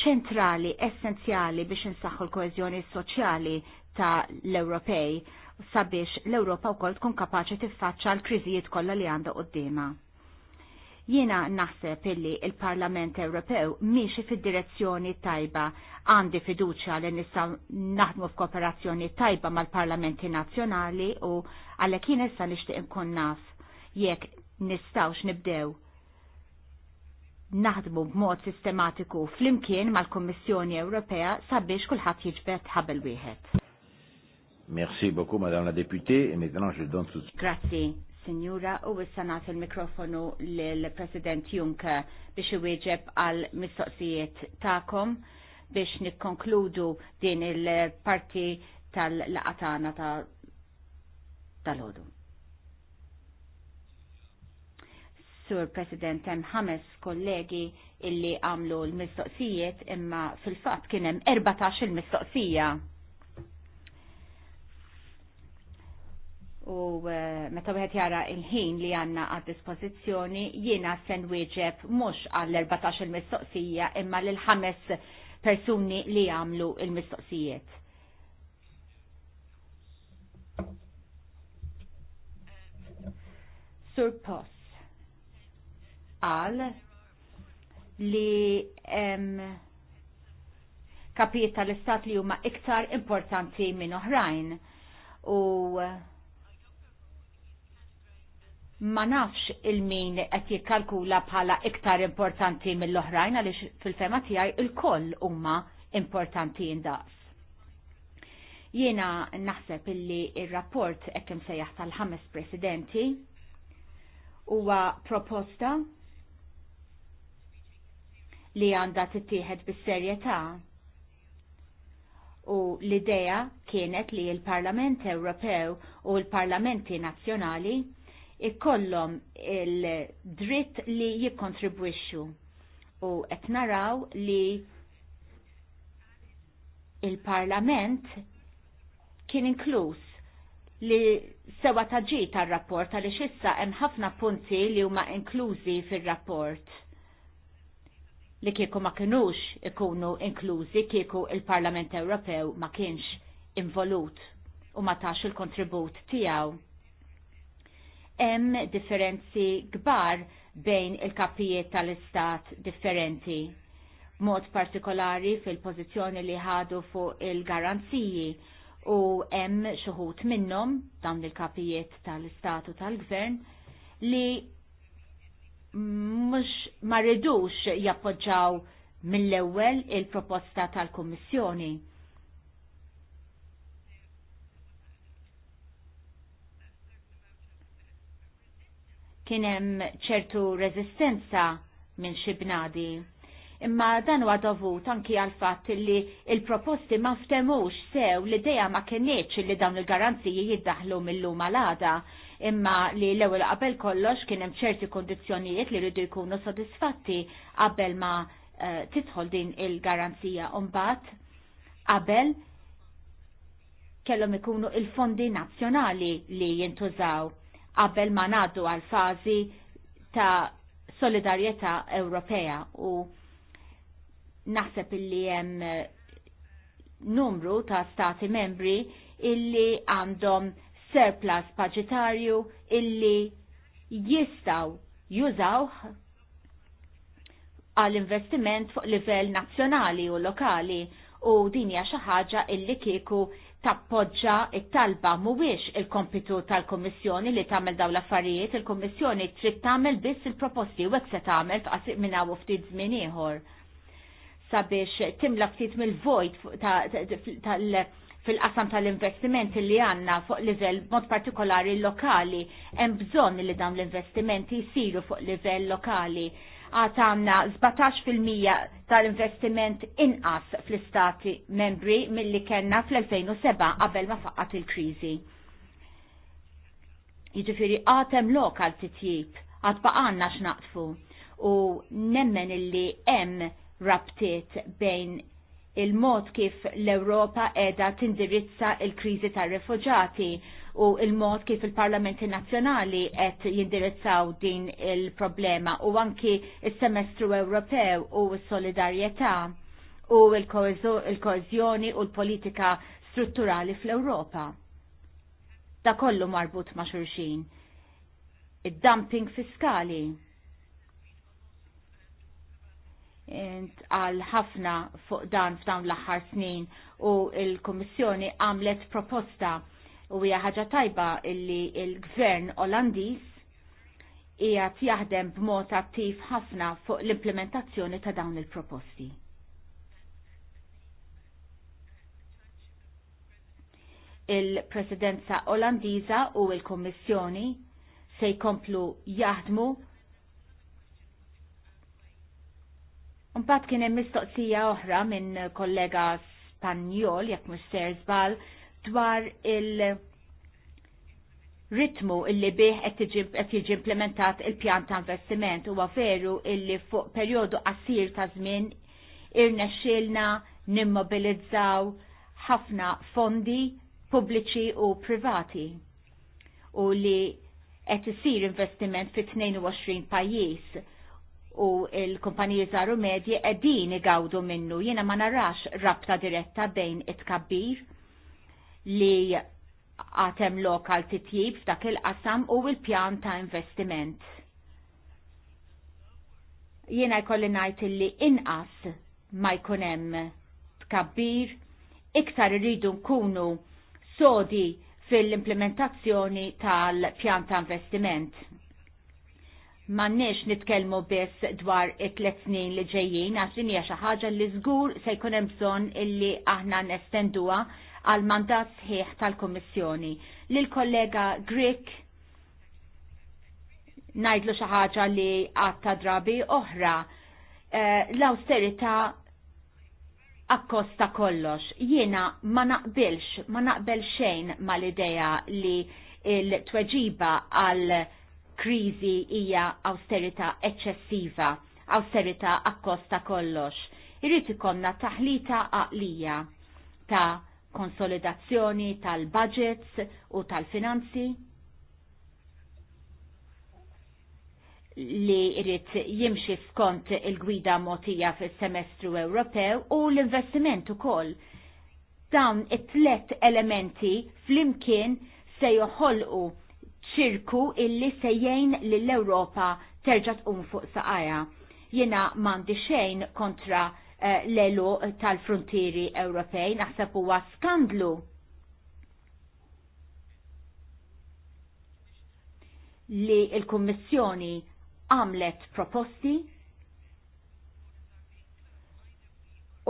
ċentrali, essenzjali biex insaħħu l-koezjoni soċjali ta' l-Ewropej sabiex l-Ewropa wkoll tkun kapaċi tiffaċċa l-kriżijiet kollha li għandha qudiema. Jiena naħseb illi il-Parlament Ewropew miex fid-direzzjoni tajba għandi fiduċa li nissa naħdmu f'kooperazzjoni tajba mal-Parlamenti Nazzjonali u għalhekk jien issa nixtieq nkun naf jekk nistawx nibdew naħdmu b'mod sistematiku flimkien mal-Kommissjoni Ewropea sabiex kulħadd jiġbed ħabel wieħed. Merci beaucoup, Madame la députée. Et maintenant, je donne tout. Grazie. Signora, u s-sanat il-mikrofonu l-President Juncker biex iwieġeb għal mistoqsijiet ta'kom biex nikkonkludu din il-parti tal-laqatana tal-ħodu. Sur President hemm ħames kollegi illi għamlu l-mistoqsijiet imma fil-fatt kien hemm 14 il-mistoqsija. u eh, meta wieħed jara il-ħin li għandna għad dispożizzjoni jiena sen wieġeb mhux għall-14 il-mistoqsija imma lil ħames persuni li għamlu il-mistoqsijiet. Sur Pos għal li kapijiet tal-istat li huma iktar importanti minn oħrajn u ma nafx il-min qed jikkalkula bħala iktar importanti mill-oħrajn għaliex fil-fema tiegħi il-koll huma importanti indaqs. Jiena naħseb illi ir-rapport qed hekk tal-ħames presidenti huwa proposta li għandha tittieħed bis-serjetà u l-idea kienet li l-Parlament Ewropew u l-Parlamenti Nazzjonali ikollhom il-dritt li jikkontribwixxu u qed naraw li il-Parlament kien inkluż li sewa taġi tar-rapport għaliex issa hemm ħafna punti li huma inklużi fir-rapport li kieku ma kinux ikunu inklużi kieku il-Parlament Ewropew ma kienx involut u ma tax il-kontribut tiegħu hemm differenzi kbar bejn il-kapijiet tal-istat differenti mod partikolari fil-pozizjoni li ħadu fuq il-garanziji u hemm xuħut minnhom dawn il-kapijiet tal-istat u tal-gvern li mhux ma rridux jappoġġaw mill-ewwel il-proposta tal-Kummissjoni kien hemm ċertu rezistenza minn xi bnadi. Imma dan huwa dovut anki għal fatt li il-proposti ma ftemux sew li dejja ma kienieċ li dawn il-garanziji jiddaħlu mill-lum għal-għada imma li l-ewwel qabel kollox kien hemm ċerti kondizzjonijiet li rridu jkunu sodisfatti qabel ma uh, tidħol din il-garanzija mbagħad qabel kellhom ikunu il-fondi nazzjonali li jintużaw qabel ma nadu għal fażi ta' solidarjetà Ewropea u naħseb illi hemm eh, numru ta' stati membri illi għandhom surplus budgetarju illi jistaw jużaw għall-investiment fuq livell nazzjonali u lokali u din hija xi ħaġa illi kieku tappoġġa it-talba mhuwiex il-kompitu tal-Kummissjoni li tagħmel dawn l-affarijiet, il-Kummissjoni trid tagħmel biss il-proposti u hekk se tagħmel f'qasik minn hawn ftit żmien ieħor sabiex timla ftit mill-vojt fil-qasam tal-investimenti li għanna fuq livell mod partikolari lokali, hemm bżonn li dawn l-investimenti jsiru fuq livell lokali għat fil 17% tal-investiment inqas fl-istati membri mill-li kena fl-2007 qabel ma faqqat il-krizi. Jiġifiri għatem lokal titjib, għat baqanna x'naqfu. u nemmen illi em rabtiet bejn il-mod kif l-Europa edha tindirizza il-krizi tal-refugġati u il-mod kif il-parlamenti nazzjonali qed jindirizzaw din il-problema u anki il-semestru Ewropew u s-solidarjetà u il-koezjoni u l-politika strutturali fl-Ewropa. Da kollu marbut ma' xurxin. Id-dumping fiskali. int għal ħafna fuq dan f'dawn l-aħħar snin u il-Kummissjoni għamlet proposta u hija ħaġa tajba illi il-gvern Olandiż hija jaħdem b'mod attiv ħafna fuq l-implementazzjoni ta' dawn il-proposti. Il-Presidenza Olandiża u l-Kommissjoni se jkomplu jaħdmu Unbat kien hemm mistoqsija oħra minn kollega Spanjol jekk mhux ser żball dwar il- ritmu illi bih qed jiġi implementat il-pjan ta' investiment huwa veru illi fuq perjodu qasir ta' żmien irnexxielna nimmobilizzaw ħafna fondi pubbliċi u privati u li qed isir investiment fi 22 pajjiż u l-kumpaniji Zaru medji qegħdin igawdu minnu jiena ma narax rabta diretta bejn it-kabbir li għatem lokal titjib f'dak il-qasam u il-pjan ta' investiment. Jiena jkolli najt li inqas ma jkun hemm tkabbir, iktar rridu nkunu sodi fil-implementazzjoni tal-pjan ta' investiment. Mannix nitkellmu biss dwar it-tlet snin li ġejjin għax din hija xi ħaġa li żgur se jkun hemm bżonn illi aħna nestenduha għal mandat sħiħ tal-Kommissjoni. Lil-kollega Grek najdlu xaħġa li għatta drabi oħra eh, l-austerita akkosta kollox. Jiena ma naqbilx, ma naqbel xejn mal-ideja li il-tweġiba għal krizi hija austerita eċċessiva, austerita akkosta kollox. Irrid ikonna taħlita għaqlija ta' konsolidazzjoni tal-budgets u tal-finanzi li irrit jimxi skont il-gwida motija fis semestru Ewropew u l-investiment ukoll. Dawn it-tlet elementi flimkien se joħolqu ċirku illi li lill-Ewropa terġa' tqum fuq saqajja. Jiena m'għandi xejn kontra Eh, l-elu tal-frontieri Ewropej, naħseb huwa skandlu. li il-Kummissjoni għamlet proposti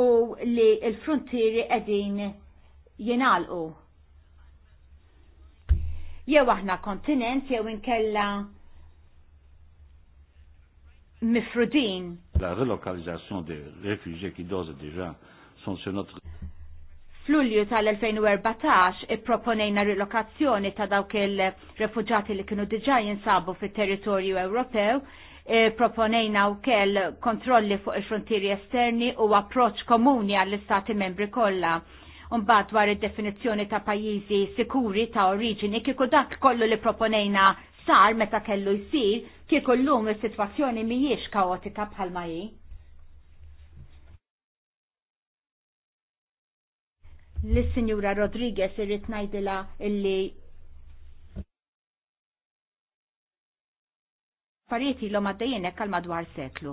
u li il-frontieri edin jenalqu. Jew aħna kontinent jew inkella mifrudin la relocalizzazione dei rifugi che dose diġà sono su notre F'Lulju tal-2014 ipproponejna rilokazzjoni ta' dawk il refugġati li kienu diġà jinsabu fit-territorju Ewropew, e proponejna wkoll kontrolli fuq il-frontieri esterni u approċċ komuni għall-istati membri kollha. Unbad dwar id-definizzjoni ta' pajjiżi sikuri ta' oriġini kieku dak kollu li proponejna sar meta kellu jsir kieku llum is-sitwazzjoni mhijiex kaotika bħalma hi. l sinjura Rodriguez irrid ngħidilha illi affarijiet ilhom għaddejjin hekk għal madwar seklu.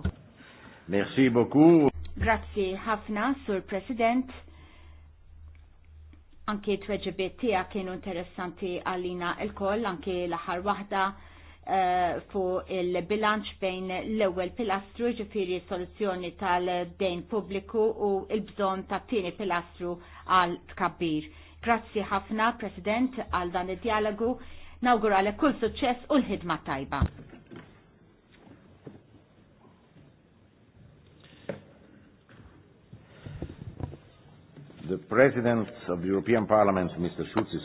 Merci beaucoup. Grazzi ħafna, Sur President. Anki t-weġibiet tija kienu interessanti għalina il-koll, anki l wahda eh, fu il-bilanċ bejn l-ewel pilastru ġifiri soluzzjoni tal-dejn publiku u il-bżon ta' tieni pilastru għal tkabbir. Grazzi ħafna, President, għal dan il-dialogu. Nawguralek kull suċċess u l-ħidma tajba. The President of the European Parliament, Mr. Schulz, is...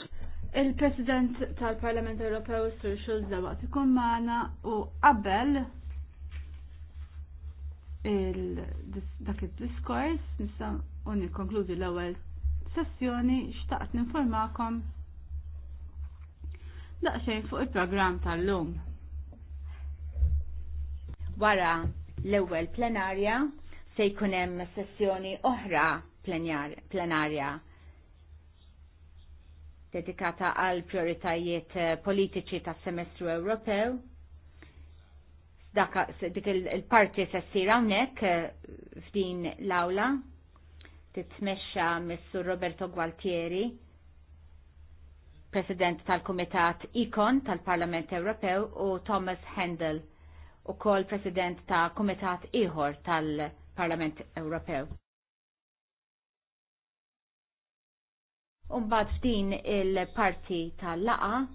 Il-President tal-Parlament Ewropew, Sir Schulz, dawat ikun maħna u qabel dak il-diskors, nisa unni konkludi l-ewel sessjoni, xtaqt ninformakom daqxejn fuq il-programm tal-lum. Wara l-ewel plenarja se hemm sessjoni oħra plenarja dedikata għal prioritajiet eh, politiċi tas semestru Ewropew. Dik il-parti se ssir hawnhekk eh, f'din l-awla titmexxa Missur Roberto Gualtieri, President tal-Kumitat Ikon tal-Parlament Ewropew u Thomas Handel, ukoll President ta' Kumitat ieħor tal-Parlament Ewropew. Umbad f'din il-parti tal-laqa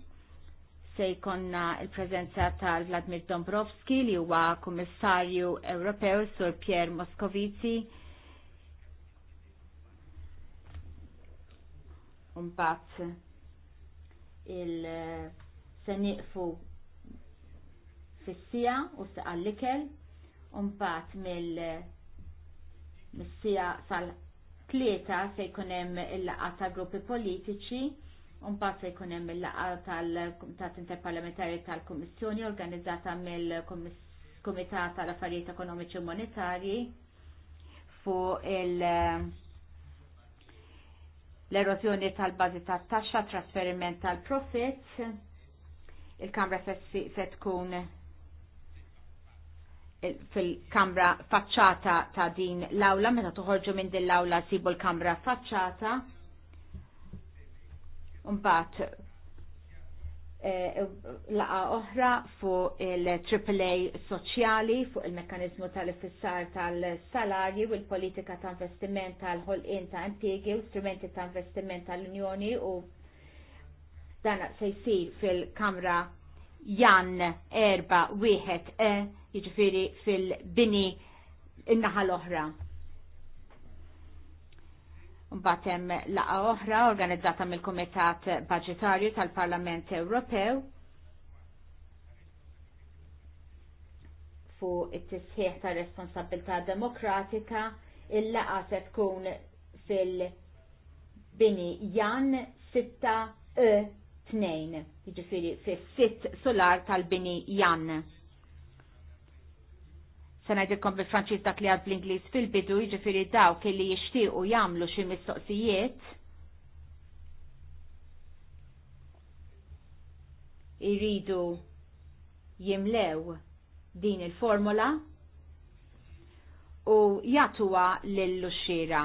se jkonna il-prezenza tal-Vladimir Dombrovski li huwa Kummissarju Ewropew sur Pier Moscovici. Umbat il se fis fissija u s-għallikel. Umbat mill-sija sal tlieta se jkun hemm il-laqgħa ta' gruppi politiċi, mbagħad se jkun hemm il-laqgħa tal-Kumitat Interparlamentari tal-Kummissjoni organizzata mill-Kumitat tal-Affarijiet Ekonomiċi u Monetarji fuq il- l-erosjoni tal-bazi tat-taxxa, trasferiment tal-profit, il-Kamra se tkun fil-kamra faċċata ta' din l-awla, meta toħorġu minn din l-awla sibu l-kamra faċċata. Umbat, e, laqa oħra fuq il-AAA soċjali, fuq il mekanizmu tal-fissar tal-salarji u l-politika ta' investiment tal-ħolqin ta' impiegi u strumenti ta' investiment tal-Unjoni u dan se jsir fil-Kamra Jan 4 1 E jiġifieri fil-bini in-naħa l-oħra. Mbagħad hemm laqgħa oħra organizzata mill-Kumitat Baġitarju tal-Parlament Ewropew fu it-tisħiħ ta' responsabilità demokratika il-laqa se tkun fil-bini Jan 6 E 2 jiġifieri fis-sitt solar tal-bini Jan se ngħidilkom bil-Franċiż dak li għad bl-Ingliż fil-bidu jiġifieri dawk li jixtiequ jagħmlu xi mistoqsijiet iridu jimlew din il-formola u jatuwa lill-uxxira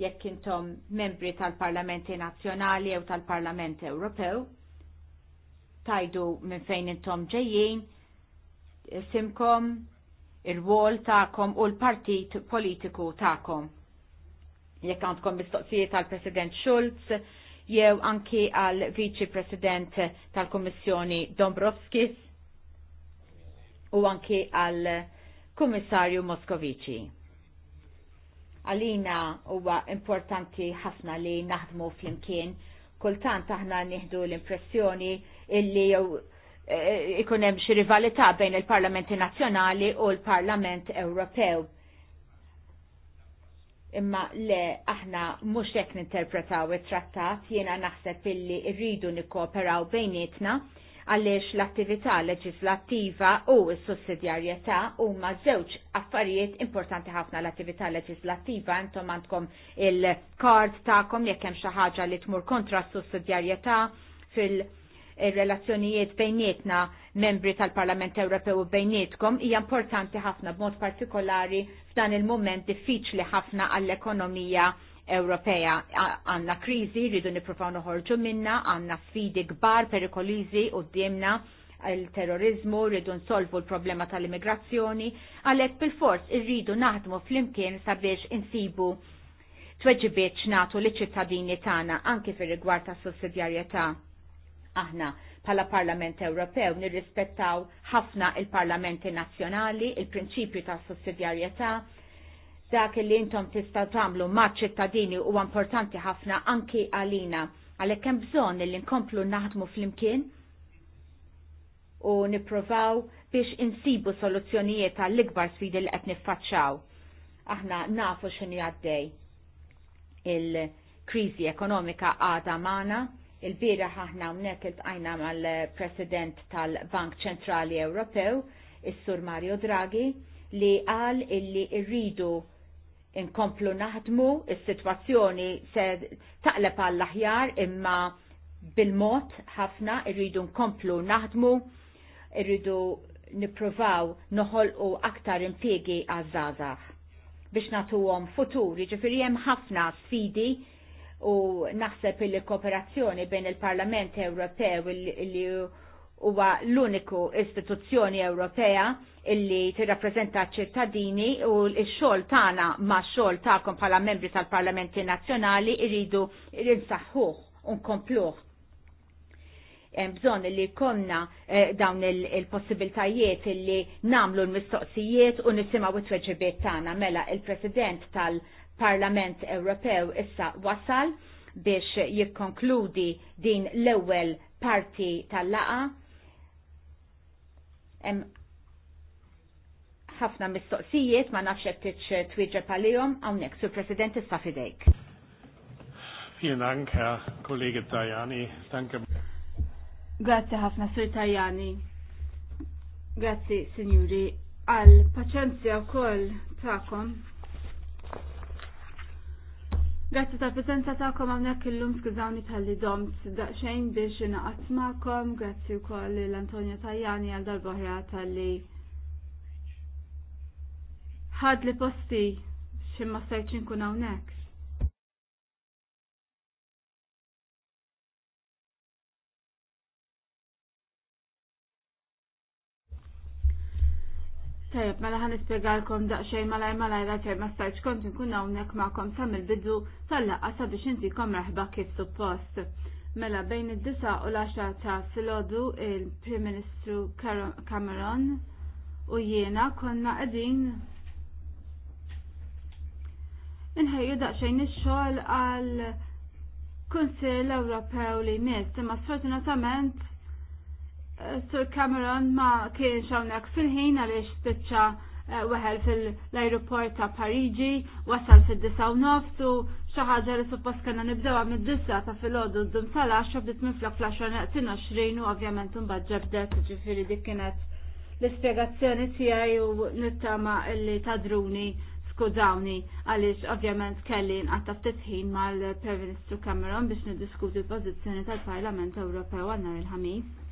jekk intom membri tal-Parlamenti Nazzjonali jew tal-Parlament Ewropew, tajdu minn fejn intom ġejjin, simkom, il-wol ta'kom u l-partit politiku ta'kom. Jekk għandkom mistoqsijiet għal President Schulz, jew anki għal Viċi President tal-Kommissjoni Dombrovskis u anki għal Kummissarju Moskovici. Għalina huwa importanti ħafna li naħdmu fl-imkien, kultant aħna nieħdu l-impressjoni illi jew Eh, ikun hemm xi rivalità bejn il-Parlamenti Nazzjonali u l-Parlament Ewropew. Imma le aħna mhux hekk ninterpretaw it-trattat jiena naħseb illi rridu nikkooperaw bejnietna għaliex l-attività leġislattiva u s-sussidjarjetà huma żewġ affarijiet importanti ħafna l-attività leġislattiva intom għandkom il-kard tagħkom jekk hemm xi ħaġa li tmur kontra s-sussidjarjetà fil- il-relazzjonijiet bejnietna membri tal-Parlament Ewropew bejnietkom hija importanti ħafna b'mod partikolari f'dan il-moment diffiċli ħafna għall-ekonomija Ewropea għanna krizi, rridu niprofaw noħorġu minna, għanna sfidi gbar perikolizi u d-diemna il-terrorizmu, rridu nsolvu l-problema tal-immigrazzjoni, għalek bil-fors irridu naħdmu fl-imkien sabiex insibu tweġibiet natu li ċittadini tagħna anke fir rigward ta' sussidjarjetà. Aħna bħala Parlament Ewropew nirrispettaw ħafna il-Parlamenti Nazzjonali, il-prinċipju ta' sussidjarjetà, dak li intom tistgħu tagħmlu maċ ċittadini huwa importanti ħafna anki għalina għalhekk hemm bżonn li nkomplu naħdmu flimkien u nippruvaw biex insibu soluzzjonijiet għall-ikbar sfidi li qed niffaċċaw. Aħna nafu x'inhi għaddej il-kriżi ekonomika għadha magħna Il-bira ħahna unnek il-tqajna mal-President tal-Bank Ċentrali Ewropew, il-Sur Mario Draghi, li għal illi irridu inkomplu naħdmu, il-situazzjoni se taqleb għall-aħjar imma bil-mod ħafna irridu nkomplu naħdmu, irridu niprovaw noħolqu aktar impiegi għazzazax biex għom futuri, ġifiri hemm ħafna sfidi u naħseb il kooperazzjoni bejn il-Parlament Ewropew li huwa l-uniku istituzzjoni Ewropea illi tirrappreżenta ċittadini u l-xogħol tagħna ma' xogħol tagħkom bħala membri tal-Parlamenti Nazzjonali iridu rinsaħħuh unkompluh bżonn li konna eh, dawn il-possibiltajiet il li namlu l-mistoqsijiet u nisimgħu it-tweġibiet tagħna mela il-President tal- parlament Ewropew issa wasal biex jikkonkludi din l-ewwel parti tal-laqa. ħafna mistoqsijiet ma nafx hekk titx twieġeb għalihom hawnhekk sur President issa fidejk. Jien anke kollegi Tajani. Danke. Grazzi ħafna, Sur Tajani. Grazzi, Signori, għal paċenzja wkoll tagħkom. Grazzi tal-prezenza ta'kom għamna illum skizawni tal-li domt daqxejn biex naqat ma'kom, grazzi u koll l-Antonio Tajani għal darbohra tal-li ħad li posti ma' stajċin kun għawnek. Tajab, mela ħan ispiegalkom daqxej malaj malaj raċer ma stajċ kont nkun hawnhekk magħkom sa mill-bidu tal-laqqa sabiex intikom merħba kif suppost. Mela bejn id-disa u l ta' filgħodu il-Prim Ministru Cameron u jiena konna qegħdin inħejju daqsxejn ix-xogħol għal Kunsill Ewropew li jmiss, imma sfortunatament Sir Cameron ma kienx hawnhekk fil-ħin għaliex spiċċa eh, weħel fil-aeroport ta' Pariġi, wasal fil-19 u xaħġa xi ħaġa li suppost kena nibdewha mid-disa ta' filgħodu ddum tal-10 bdiet minflok fl-10 naqsin 20 u ovvjament imbagħad ġebdet ġifieri dik kienet l-ispjegazzjoni tiegħi u nittama illi tadruni skudawni għaliex ovvjament kelli nqatta ftitħin mal-Prem Ministru Cameron biex niddiskuti l-pożizzjoni tal-Parlament Ewropew għanna il-ħamis.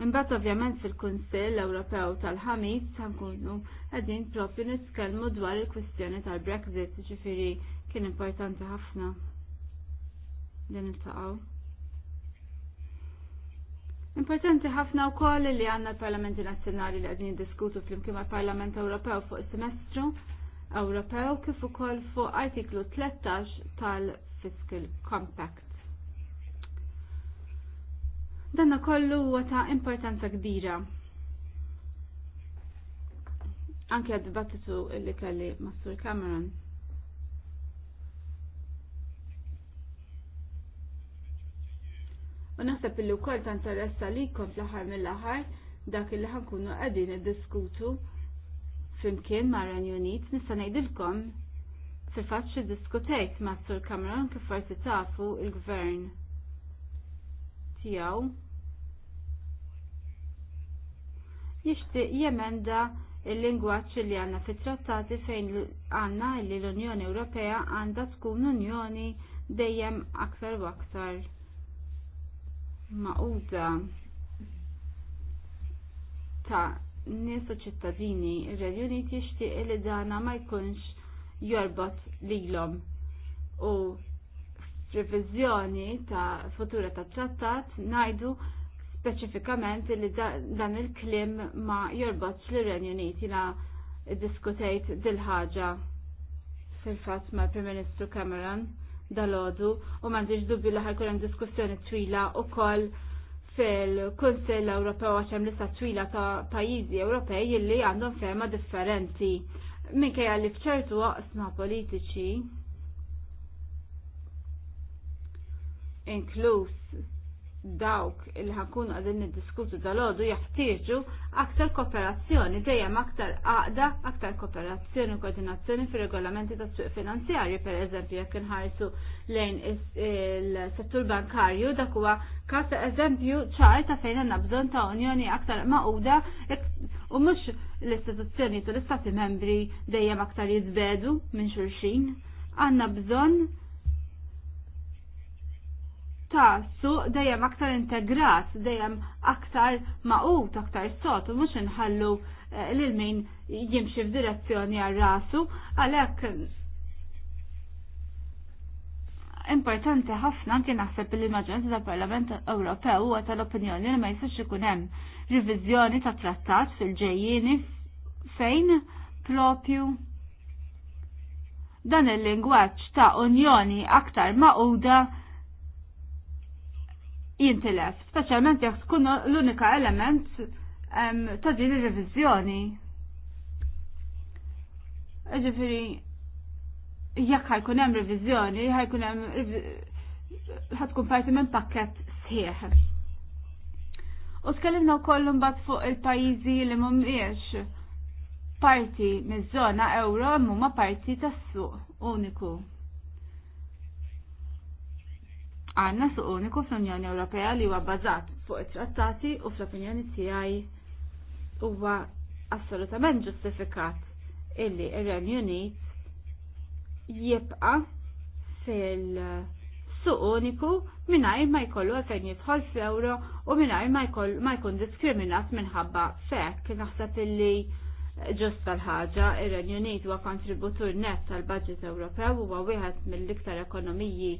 Imbagħad ovvjament fil-Kunsill Ewropew tal-ħamis ħankunu qegħdin propju nitkellmu dwar il-kwistjoni tal-Brexit, jiġifieri kien importanti ħafna il niltaqgħu. Importanti ħafna wkoll li għandna l-Parlamenti Nazzjonali li qegħdin jiddiskutu flimkien mal-Parlament Ewropew fuq semestru Ewropew kif ukoll fuq artiklu 13 tal-Fiscal Compact. Danna kollu huwa ta' importanza kbira. Anke għad-dibattitu li kelli Mastur Cameron. U naħseb illi wkoll ta' interessa kon fl-aħħar mill-aħħar dak illi ħankunu qegħdin iddiskutu flimkien ma' Renju Unit nista' ngħidilkom fil-fatt xi diskutejt ma' Sur Cameron kif forsi tafu il-Gvern tiegħu jixtieq jemenda il-lingwaġġ li għandna fit-trattati fejn għandna li l-Unjoni Ewropea għandha tkun Unjoni dejjem aktar u aktar maquda ta' nies u ċittadini ir-Renju Unit jixtieq li dana ma jkunx jorbot lilhom u revizjoni ta' futura ta' trattat najdu speċifikament li dan il-klim ma jorbotx li renju Uniti la diskutejt dil-ħaġa fil-fat ma' Prim Ministru Cameron dal-ħodu u mandiġ dubju li ħajkun diskussjoni twila u koll fil-Kunsell Ewropew għaxem li sa twila ta' pajjiżi Ewropej li għandhom ferma differenti minkejja li fċertu waqsma politiċi inkluż dawk il ħakun għadin niddiskutu dal-ħodu jaħtieġu aktar kooperazzjoni, dejjem aktar għaqda, aktar kooperazzjoni u koordinazzjoni fir regolamenti ta' suq finanzjarju, per eżempju, jekk nħarsu lejn il-settur bankarju, dak huwa kas eżempju ċar ta' fejn għandna bżonn ta' unjoni aktar maquda u mhux l-istituzzjoni tal istati membri dejjem aktar jitbedu minn xulxin, għandna bżonn ta' suq dejjem aktar integrat, dejjem aktar maqut, aktar sot, u mux nħallu eh, lil min jimxi f'direzzjoni għal rasu, għalek importanti ħafna kien naħseb li l-Maġġoranza tal-Parlament Ewropew huwa tal-opinjoni li ma jistax ikun hemm riviżjoni ta' trattat fil-ġejjieni fejn propju dan il-lingwaġġ ta' unjoni aktar maquda jintilef, speċjalment jekk tkun l-unika element ta' din ir-reviżjoni. Ġifieri jekk ħajkun hemm reviżjoni, ħajkun hemm ħadkun parti minn pakkett sħiħ. U tkellimna wkoll imbagħad fuq il-pajjiżi li mhumiex parti miż-żona euro imma parti tas-suq uniku għanna suq uniku fl-Unjoni Ewropea li huwa bbażat fuq it-trattati u fl-opinjoni tiegħi huwa assolutament ġustifikat illi ir-Renju Unit jibqa' fil-suq uniku mingħajr ma jkollu fejn jidħol f'ewro u mingħajr ma jkun diskriminat minħabba fek naħseb illi ġust tal ħaġa ir-Renju Unit huwa kontributur net tal-Baġġit Ewropew huwa wieħed mill-iktar ekonomiji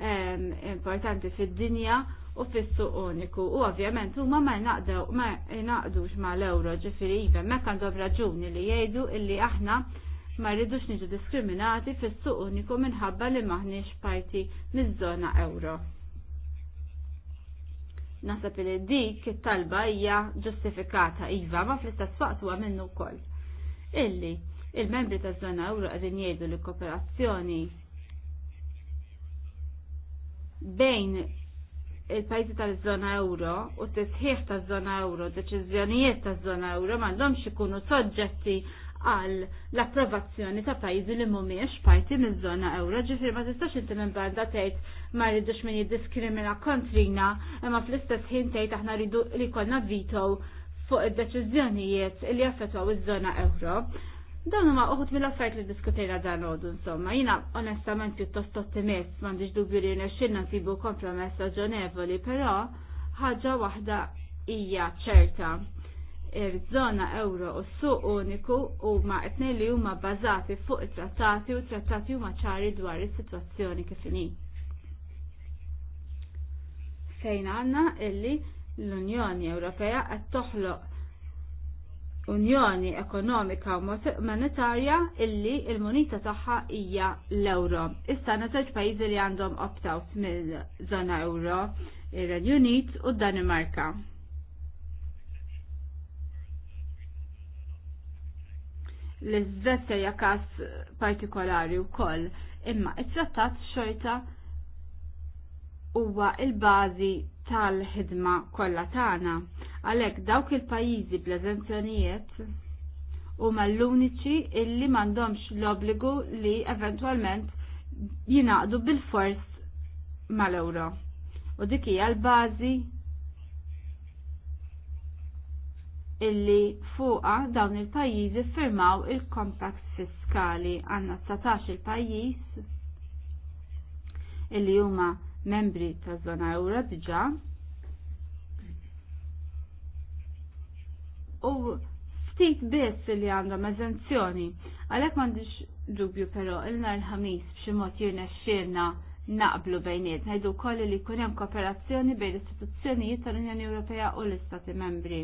importanti fid-dinja u fis-suq uniku u ovvjament huma ma jnaqdux ma l-euro ġifieri iva mekk għandhom raġuni li jgħidu illi aħna ma rridux niġu diskriminati fis-suq uniku minħabba li maħniex parti miż-żona euro. Nasab li dik it-talba hija ġustifikata iva ma fl-istess waqt huwa minnu wkoll. Illi il-membri taż-żona euro qegħdin jgħidu li kooperazzjoni bejn il-pajzi tal-żona euro u t-tisħiħ tal-żona euro, deċiżjonijiet tal-żona euro m'għandhomx ikunu soġġetti għal l-approvazzjoni ta' pajzi li mumiex parti miż-żona euro, ġifir ma tistax inti minn banda tgħid ma rridux min jiddiskrimina kontrina, imma fl-istess ħin tgħid aħna rridu li konna vito fuq id-deċiżjonijiet li jaffetwaw iż-żona euro. Dan huma uħut mill-affarijiet li diskutejna dan għodu insomma. Jiena onestament pjuttost ottimist m'għandix dubju li nexxinna nsibu kompromess raġonevoli, però ħaġa waħda hija ċerta. Ir-żona euro u s-suq uniku huma qed li huma bbażati fuq it-trattati u trattati huma ċari dwar is-sitwazzjoni kif inhi. Fejn għandna illi l-Unjoni Ewropea qed toħloq unjoni ekonomika u monetarja illi il-munita tagħha hija l-euro. Issa żewġ pajjiżi li għandhom opt-out mill-żona euro, ir-Renju Unit u d-Danimarka. L-Iżvezja hija każ partikolari wkoll, imma it-trattat xorta huwa il-bażi tal-ħidma kollha tagħna Għalhekk dawk il-pajjiżi bl-eżenzjonijiet huma l-uniċi illi m'għandhomx l-obbligu li eventwalment jingħaqdu bil-fors mal-ewro. U dik hija l-bażi illi fuqa dawn il-pajjiżi firmaw il-kompakt fiskali għandna 19 il-pajjiż illi huma membri ta' zona euro diġà u ftit biss li għandhom eżenzjoni. Għalhekk m'għandix dubju però il-nhar ħamis b'xi mod xirna naqblu bejniet ngħidu kolli li jkun hemm kooperazzjoni bejn l-istituzzjonijiet tal-Unjoni Ewropea u l-Istati Membri.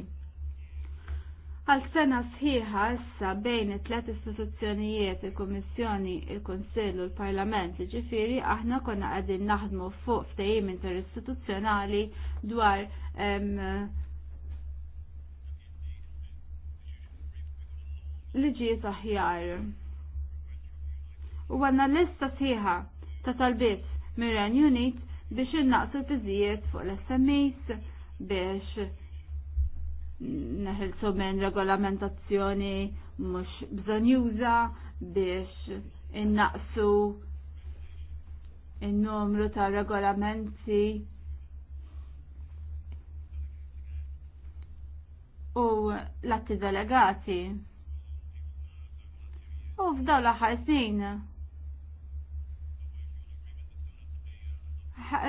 Għal sena sħiħa issa bejn it-tlet istituzzjonijiet il-Kummissjoni, il-Kunsill u l-Parlament ġifiri aħna konna qegħdin naħdmu fuq ftehim interistituzzjonali dwar li ġie aħjar. U għanna lista sħiħa ta' talbiet mir-Ren Unit biex innaqsu t-tiżijiet fuq l sms biex neħilsu minn regolamentazzjoni mux bżonjuża biex innaqsu il-numru ta' regolamenti u l-atti delegati. U f'daw l-aħħar snin.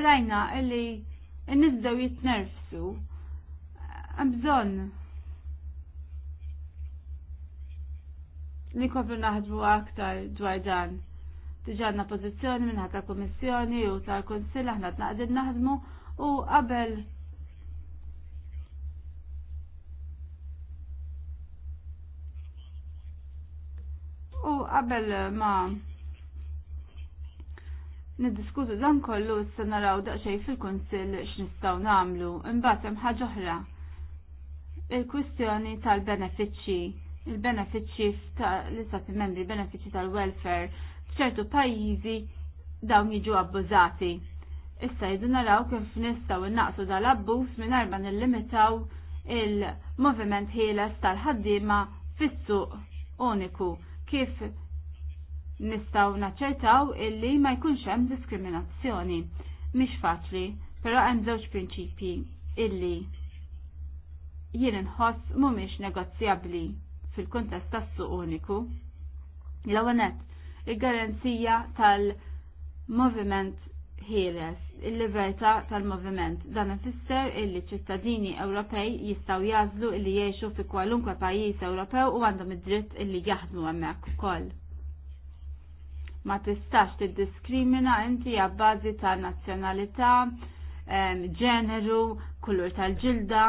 Rajna illi nizdaw jitnerfsu. Bżonn li kopru naħdmu aktar dwar dan. Tiġanna pożizzjoni minn ħadd tal-Kummissjoni u tal-Kunsill aħna t-naqdin naħdmu u qabel qabel ma niddiskutu dan kollu issa naraw daqsxejn fil-kunsill x'nistgħu nagħmlu. Imbagħad hemm ħaġa oħra. Il-kwistjoni tal-benefiċċji, il-benefiċċji li stati membri, benefiċċji tal-welfare f'ċertu pajjiżi dawn jiġu abbużati. Issa jidu naraw kif nistaw innaqsu dal abbuż mingħajr ma nillimitaw il-moviment ħieles tal-ħaddiema fis-suq uniku kif Nistaw naċċertaw illi ma jkunx hemm diskriminazzjoni. Mhix faċli, però hemm żewġ prinċipji illi jien inħoss mhumiex negozjabbli fil-kuntest tas-suq uniku. L-ewwel il-garanzija tal-moviment ħieles, il-libertà tal-moviment. Dan ifisser illi ċittadini Ewropej jistaw jażlu illi jgħixu fi kwalunkwe pajjiż Ewropew u għandhom id-dritt illi jaħdmu hemmhekk ukoll ma tistax tiddiskrimina inti għabbażi ta' nazzjonalità, ġeneru, kulur tal-ġilda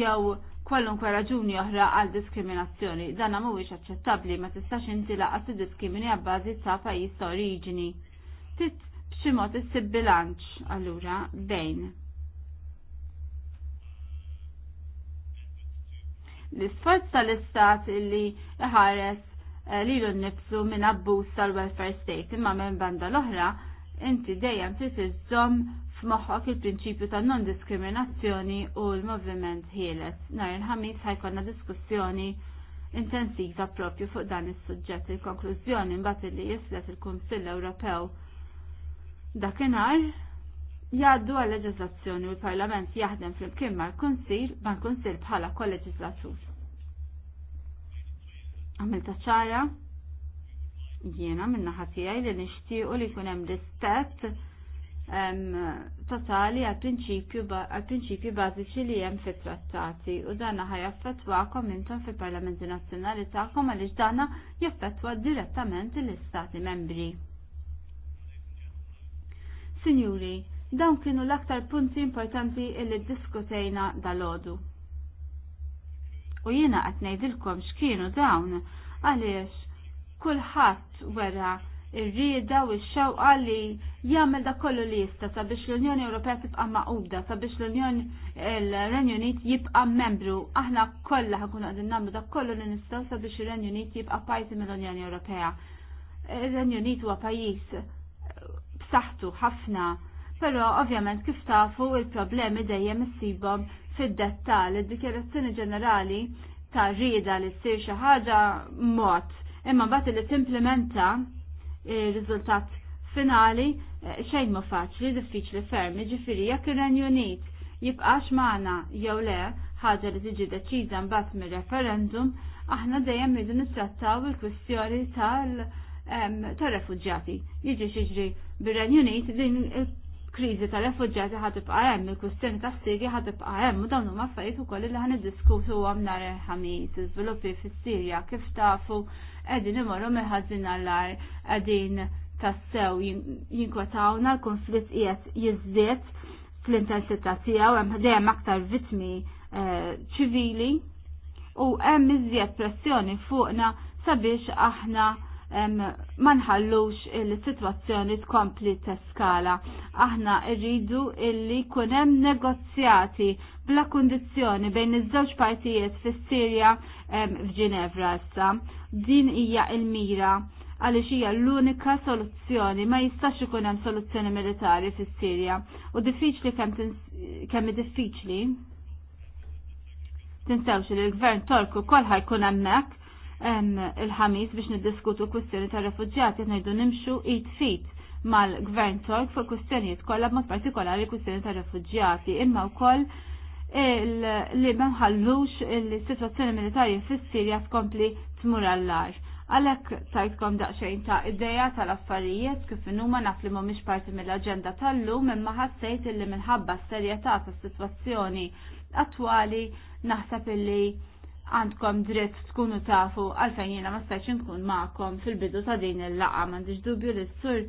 jew kwalunkwe raġuni oħra għal diskriminazzjoni. Dan mhuwiex aċċettabbli ma tistax inti laqas tiddiskrimini għabbażi ta' pajjiż ta' oriġini. Titt b'xi mod issib bilanċ allura bejn l-isforz tal-istat illi ħares Eh, lilu nnifsu minn abbuż tal-welfare state imma minn banda l-oħra inti dejjem trid f'moħħok il-prinċipju ta' non-diskriminazzjoni u l-moviment ħieles. Nar il-ħamis ħajkonna diskussjoni intensiva propju fuq dan is-suġġett il-konklużjoni mbagħad li jislet il-Kunsill Ewropew dakinhar jgħaddu għal leġislazzjoni u l-Parlament jaħdem fl-imkien mal-Kunsil mal-Kunsil bħala kol-leġislatur għamilta ċara jiena minna ħatijaj li nishtiqu li kunem rispett totali għal-prinċipju bażiċi li jem fit trattati u danna ħajaffetwakom intom fil parlamenti Nazzjonali tagħkom għaliex danna jaffetwa direttament l-Istati membri. Signuri, dawn kienu l-aktar punti importanti illi diskutejna dal-ħodu u jiena qed ngħidilkom x'kienu dawn għaliex kulħadd wera ir-rieda u x-xewqa li jagħmel da kollu li jista' sabiex l-Unjoni Ewropea tibqa' maquda sabiex l-Unjoni l-Renju Unit jibqa' membru. Aħna kollha ħakun qegħdin nagħmlu dak kollu li nistgħu sabiex ir-Renju Unit jibqa' pajjiż mill-Unjoni Ewropea. Ir-Renju Unit huwa pajjiż b'saħħtu ħafna, però ovvjament kif tafu il-problemi dejjem issibhom fid-dettal id-dikjerazzjoni ġenerali ta' rida li ssir xi ħaġa mod, imma mbagħad li timplementa il riżultat finali eh, xejn ma faċli, diffiċli ferm, ġifiri, jekk ir-Renju Unit jibqax magħna jew le ħaġa li tiġi deċiża mbagħad mir-referendum, aħna dejjem ridu nittrattaw il-kwistjoni tal- tar-refuġġjati. Jiġi xiġri bir-Renju Unit din kriżi tal-refugġati ħad tibqa' hemm, il-kwistjoni tas-Sirja ħad tibqa' hemm u dawn huma affarijiet ukoll li ħan iddiskutu għam nhar il-ħamis, iżviluppi fis-Sirja kif tafu qegħdin imorru mill-ħażin għall-ar qegħdin tassew jinkwetawna l-konflitt qiegħed jiżdied fl-intensità tiegħu hemm dejjem aktar vittmi eh, ċivili u hemm iżjed pressjoni fuqna sabiex aħna ma nħallux il-situazzjoni tkompli teskala. Aħna rridu illi kunem negozjati bla kondizjoni bejn iż-żewġ partijiet fis-Sirja f'Ġinevra issa. Din hija l-mira għaliex hija l-unika soluzzjoni ma jistax ikun hemm soluzzjoni militari fis-Sirja u diffiċli kemm diffiċli tinsewx li l-gvern Torku kollha jkun hemmhekk il-ħamis biex niddiskutu kwistjoni ta' refugġjati ngħidu nimxu id fit mal-gvern Tork fuq kwistjonijiet kollha b'mod partikolari kwistjoni ta' refugġjati imma wkoll li ma nħallux il-sitwazzjoni militarji fis-Sirja tkompli tmur għall lar Għalhekk tajtkom daqsxejn ta' ideja tal-affarijiet kif huma naf li mhumiex parti mill-aġenda tal-lum imma ħassejt illi minħabba s-serjetà tas-sitwazzjoni attwali naħseb illi għandkom dritt tkunu tafu għalfejn jiena ma stax nkun magħkom fil-bidu ta' din il-laqa m'għandix dubju li s-sur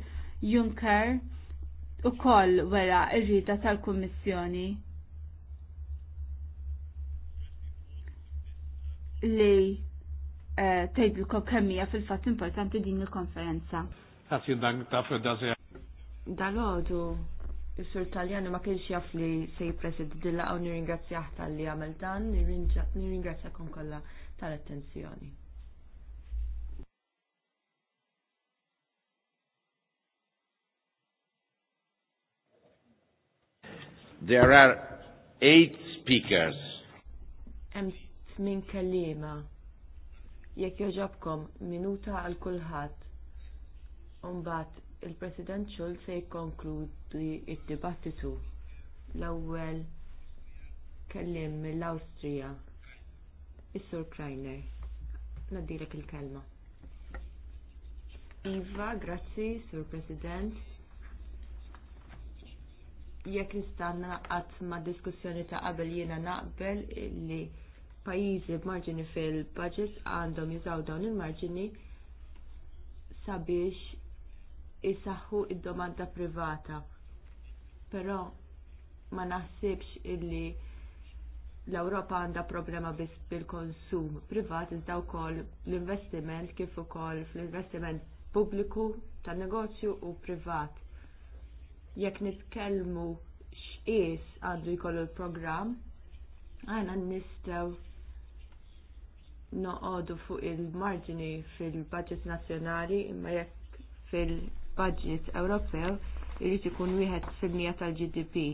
Juncker ukoll wera r-rida tal-Kummissjoni li eh, tgħidilkom kemmija fil-fatt importanti din il-konferenza. Herzlichen Dank dafür, dass Dalodu Is-sur Taljani ma kienx jaf li se jipresid dilla u nirringrazzjah tal-li għamel dan, nirringrazzjakom kollha tal-attenzjoni. There are eight speakers. Hemm min kellima. Jekk joġobkom minuta għal kulħadd. Umbagħad il-President Schulz se jikkonkludi d dibattitu l-ewwel kellim mill-Awstrija. Is-Sur Kreiner. Nadilek il-kelma. Iva, grazzi, Sur President. Jekk nistanna qatt ma' diskussjoni ta' qabel jiena naqbel li pajjiżi b'marġini fil-budget għandhom jużaw dawn il-marġini sabiex jisaxħu id-domanda privata. Però ma naħsibx illi l-Ewropa għandha problema biss bil-konsum privat iżda wkoll l-investiment kif ukoll fl-investiment pubbliku tan negozju u privat. Jekk nitkellmu x'qies għandu jkollu l-programm, għana nistgħu noqogħdu fuq il-marġini fil-budget nazzjonali imma jekk fil budget Ewropew irid ikun wieħed fil-mija tal-GDP.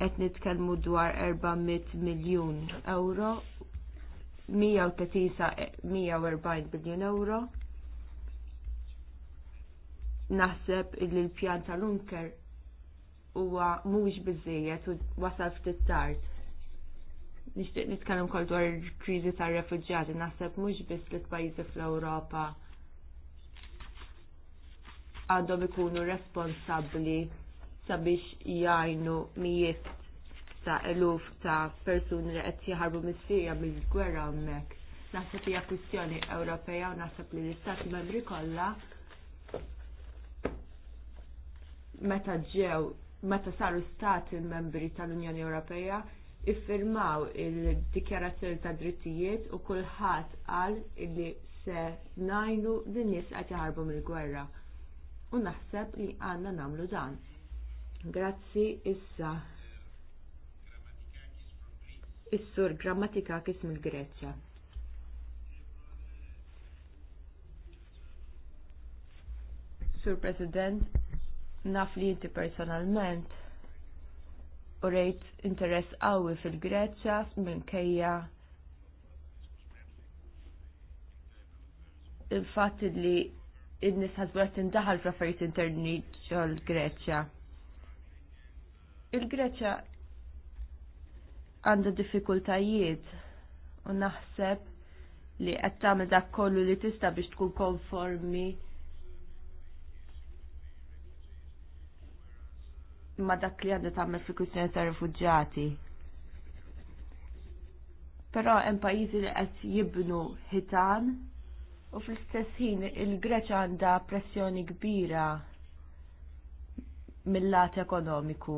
Qed nitkellmu dwar 400 miljun euro, 130 eh, biljun euro. Naħseb li l-pjan tal-Unker huwa mhuwiex biżejjed u wasal ftit tard nixtieq nitkellem kol dwar il-kriżi tar-refuġjati naħseb mhux biss li pajjiżi fl-Ewropa għadhom ikunu responsabbli sabiex jgħajnu mijiet ta' eluf ta' persuni li qed jaħarbu mis-Sirja mill-gwerra hawnhekk. Naħseb hija kwistjoni Ewropea u naħseb li l-Istati Membri kollha meta ġew meta saru stati membri tal-Unjoni Ewropea iffirmaw il-dikjarazzjoni ta' drittijiet u kulħadd qal li se najnu lin nies qed jaħarbu mill-gwerra u naħseb li għandna nagħmlu dan. Grazzi issa. Is-sur grammatika kism mill-Greċja. Sur President, naf li inti personalment u rejt interess qawwi fil-Greċja minkejja il fatti li id-nis ħasbu għat indaħal fl interni ġol Greċja. Il-Greċja għandha diffikultajiet u naħseb li qed tagħmel dak kollu li tista' biex tkun konformi ma dak li għandha tagħmel fil kwistjoni ta' rifuġġati. Però hemm pajjiżi li qed jibnu ħitan U fl-istess ħin il-Greċa għandha pressjoni kbira mill-lat ekonomiku.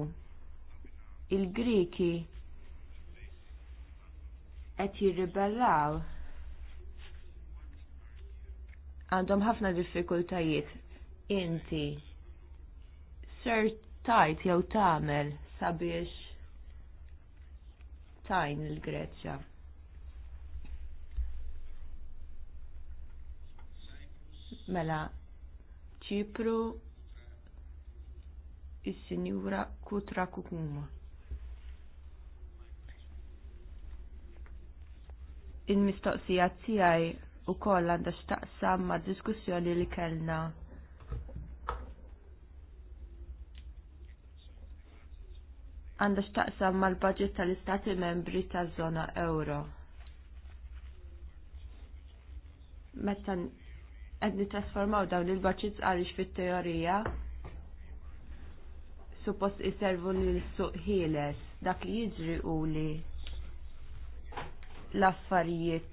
Il-Griki qed jirribellaw għandhom ħafna diffikultajiet inti ser tajt jew tagħmel sabiex tajn il-Greċja. Mela ċipru is-Sinjura Kutra Kukuma. Il-mistoqsija tiegħi wkoll għandha x'taqsam mad diskussjoni li kellna għandha x'taqsam mal-budget tal-Istati Membri taż-żona Ewro. Meta qed nittrasformaw dawn il-budgets għaliex fit-teorija suppost iservu l-suq ħieles dak li jiġri u li l-affarijiet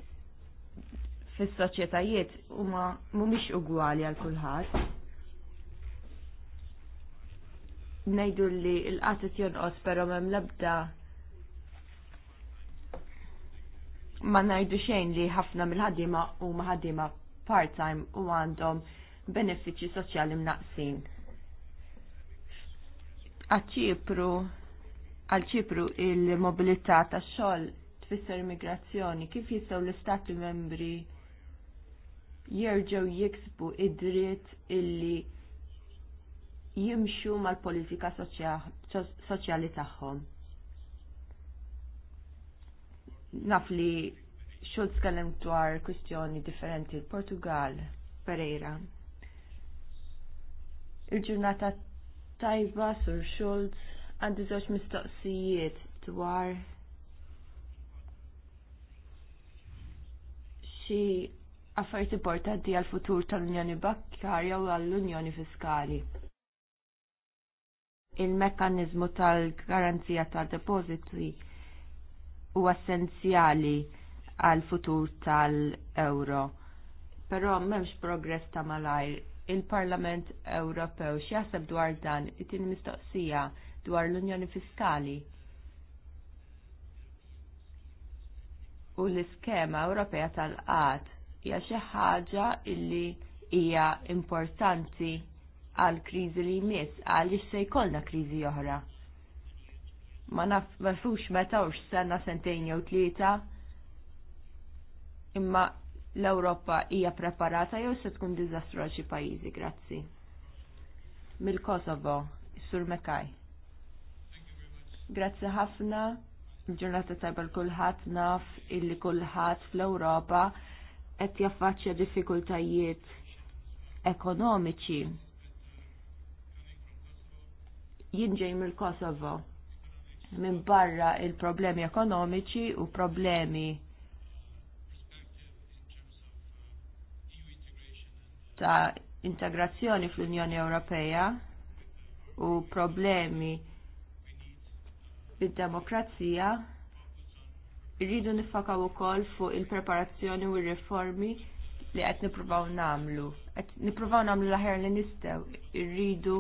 fis-soċjetajiet huma mhumiex ugwali għal kulħadd. Ngħidu li l-qatet jonqos però m'hemm l-ebda ma ngħidu xejn li ħafna mill-ħaddiema huma ħaddiema part-time u għandhom benefiċi soċjali mnaqsin. Għal-ċipru, għal-ċipru il-mobilità ta' xol tfisser immigrazzjoni, kif jistaw l-istati membri jerġew jiksbu id-dritt illi jimxu mal-politika soċjali tagħhom. Naf li Xulz kellem dwar kwistjoni differenti l-Portugal, Pereira. Il-ġurnata tajba sur Xulz għandi żewġ mistoqsijiet dwar xi affarijiet importanti għal futur tal-Unjoni Bankarja u għall-Unjoni Fiskali. il mekkaniżmu tal-garanzija tal-depożiti huwa essenzjali għal futur tal-euro. Però m'hemmx progress ta' malajr. Il-Parlament Ewropew x'jaħseb dwar dan it-tieni mistoqsija dwar l-Unjoni Fiskali. U l-iskema Ewropea tal-qat hija xi ħaġa illi hija importanti għal kriżi li jmiss għaliex se jkollna kriżi oħra. Ma nafux meta u sena sentejn jew tlieta imma l-Ewropa hija preparata jew se tkun diżastru għal xi pajjiżi, grazzi. Mill-Kosovo, Sur Mekaj. Grazzi ħafna, ġurnata tajba l-kulħadd naf illi kulħadd fl-Ewropa qed jaffaċċja diffikultajiet ekonomiċi. Jinġej mill-Kosovo minn barra il-problemi ekonomiċi u problemi ta' integrazzjoni fl-Unjoni Ewropea u problemi bid-demokrazija irridu nifakaw ukoll fuq il-preparazzjoni u r-riformi li qed nippruvaw nagħmlu. Qed nippruvaw nagħmlu l-aħjar li nistgħu. Irridu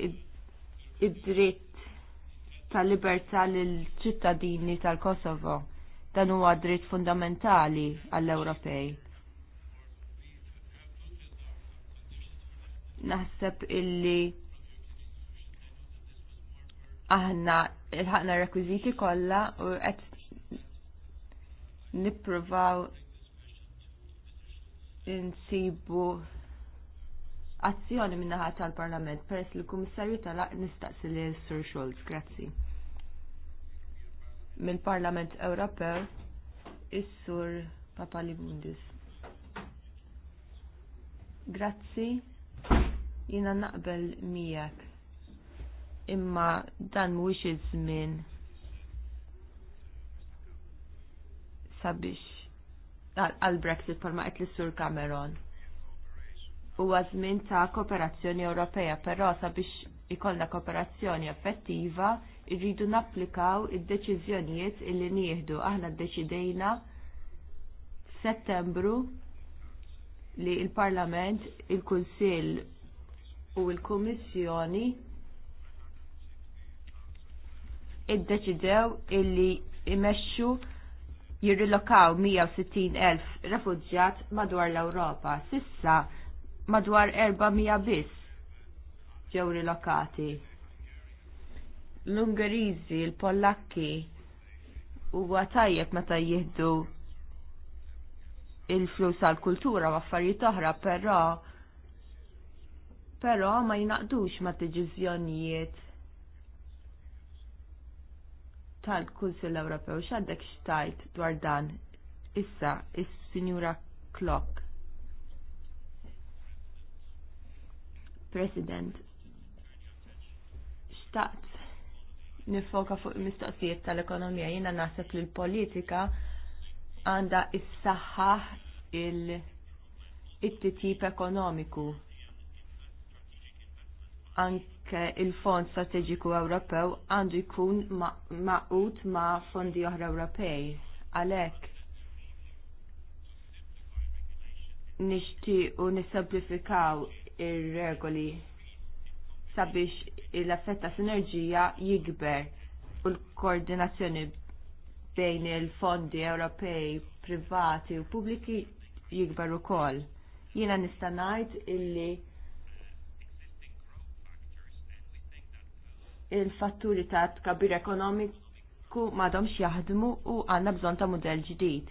id-dritt tal-libertà lill ċittadini tal-Kosovo. Dan huwa dritt fundamentali għall-Ewropej. naħseb illi aħna il-ħakna rekwiziti kollha u qed nippruvaw insibu azzjoni minnaħa tal-Parlament peress li l-Kummissarju tal-Aq nistaqsi li Sir Schulz, grazzi. Mill-Parlament Ewropew, is-Sur Papalibundis. Grazzi. Jina naqbel miegħek. Imma dan mhuwiex iż-żmien sabiex għal-Brexit palma qed l-Sur Cameron. Huwa żmien ta' kooperazzjoni Ewropea, però sabiex ikollna kooperazzjoni effettiva irridu napplikaw id-deċiżjonijiet illi nieħdu aħna ddeċidejna f'Settembru li il-Parlament, il-Kunsill u l-Kummissjoni iddeċidew illi imexxu jirrilokaw 160.000 refuġġjat madwar l-Ewropa. Sissa madwar 400 bis ġew rilokati. L-Ungeriżi, l-Pollakki huwa tajjeb meta jieħdu il-flus għal kultura u affarijiet oħra, però però ma jinaqdux ma' deċiżjonijiet tal-Kunsill Ewropew x'għandek xtajt dwar dan issa is-Sinjura Klock. President, xtaqt nifoka fuq il-mistoqsijiet tal-ekonomija jiena naħseb li l-politika għandha issaħħaħ il-titjib ekonomiku anke il-Fond Strategiku Ewropew għandu jkun maqut ma', ma fondi oħra Ewropej. Għalhekk nixtiequ nisemplifikaw il regoli sabiex il affetta ta' sinerġija jikber u l-koordinazzjoni bejn il-fondi Ewropej privati u pubbliki jikbar ukoll. Jiena nista' ngħid illi il-fatturi ta' tkabir ekonomiku madomx jaħdmu u għanna bżon ta' model ġdid.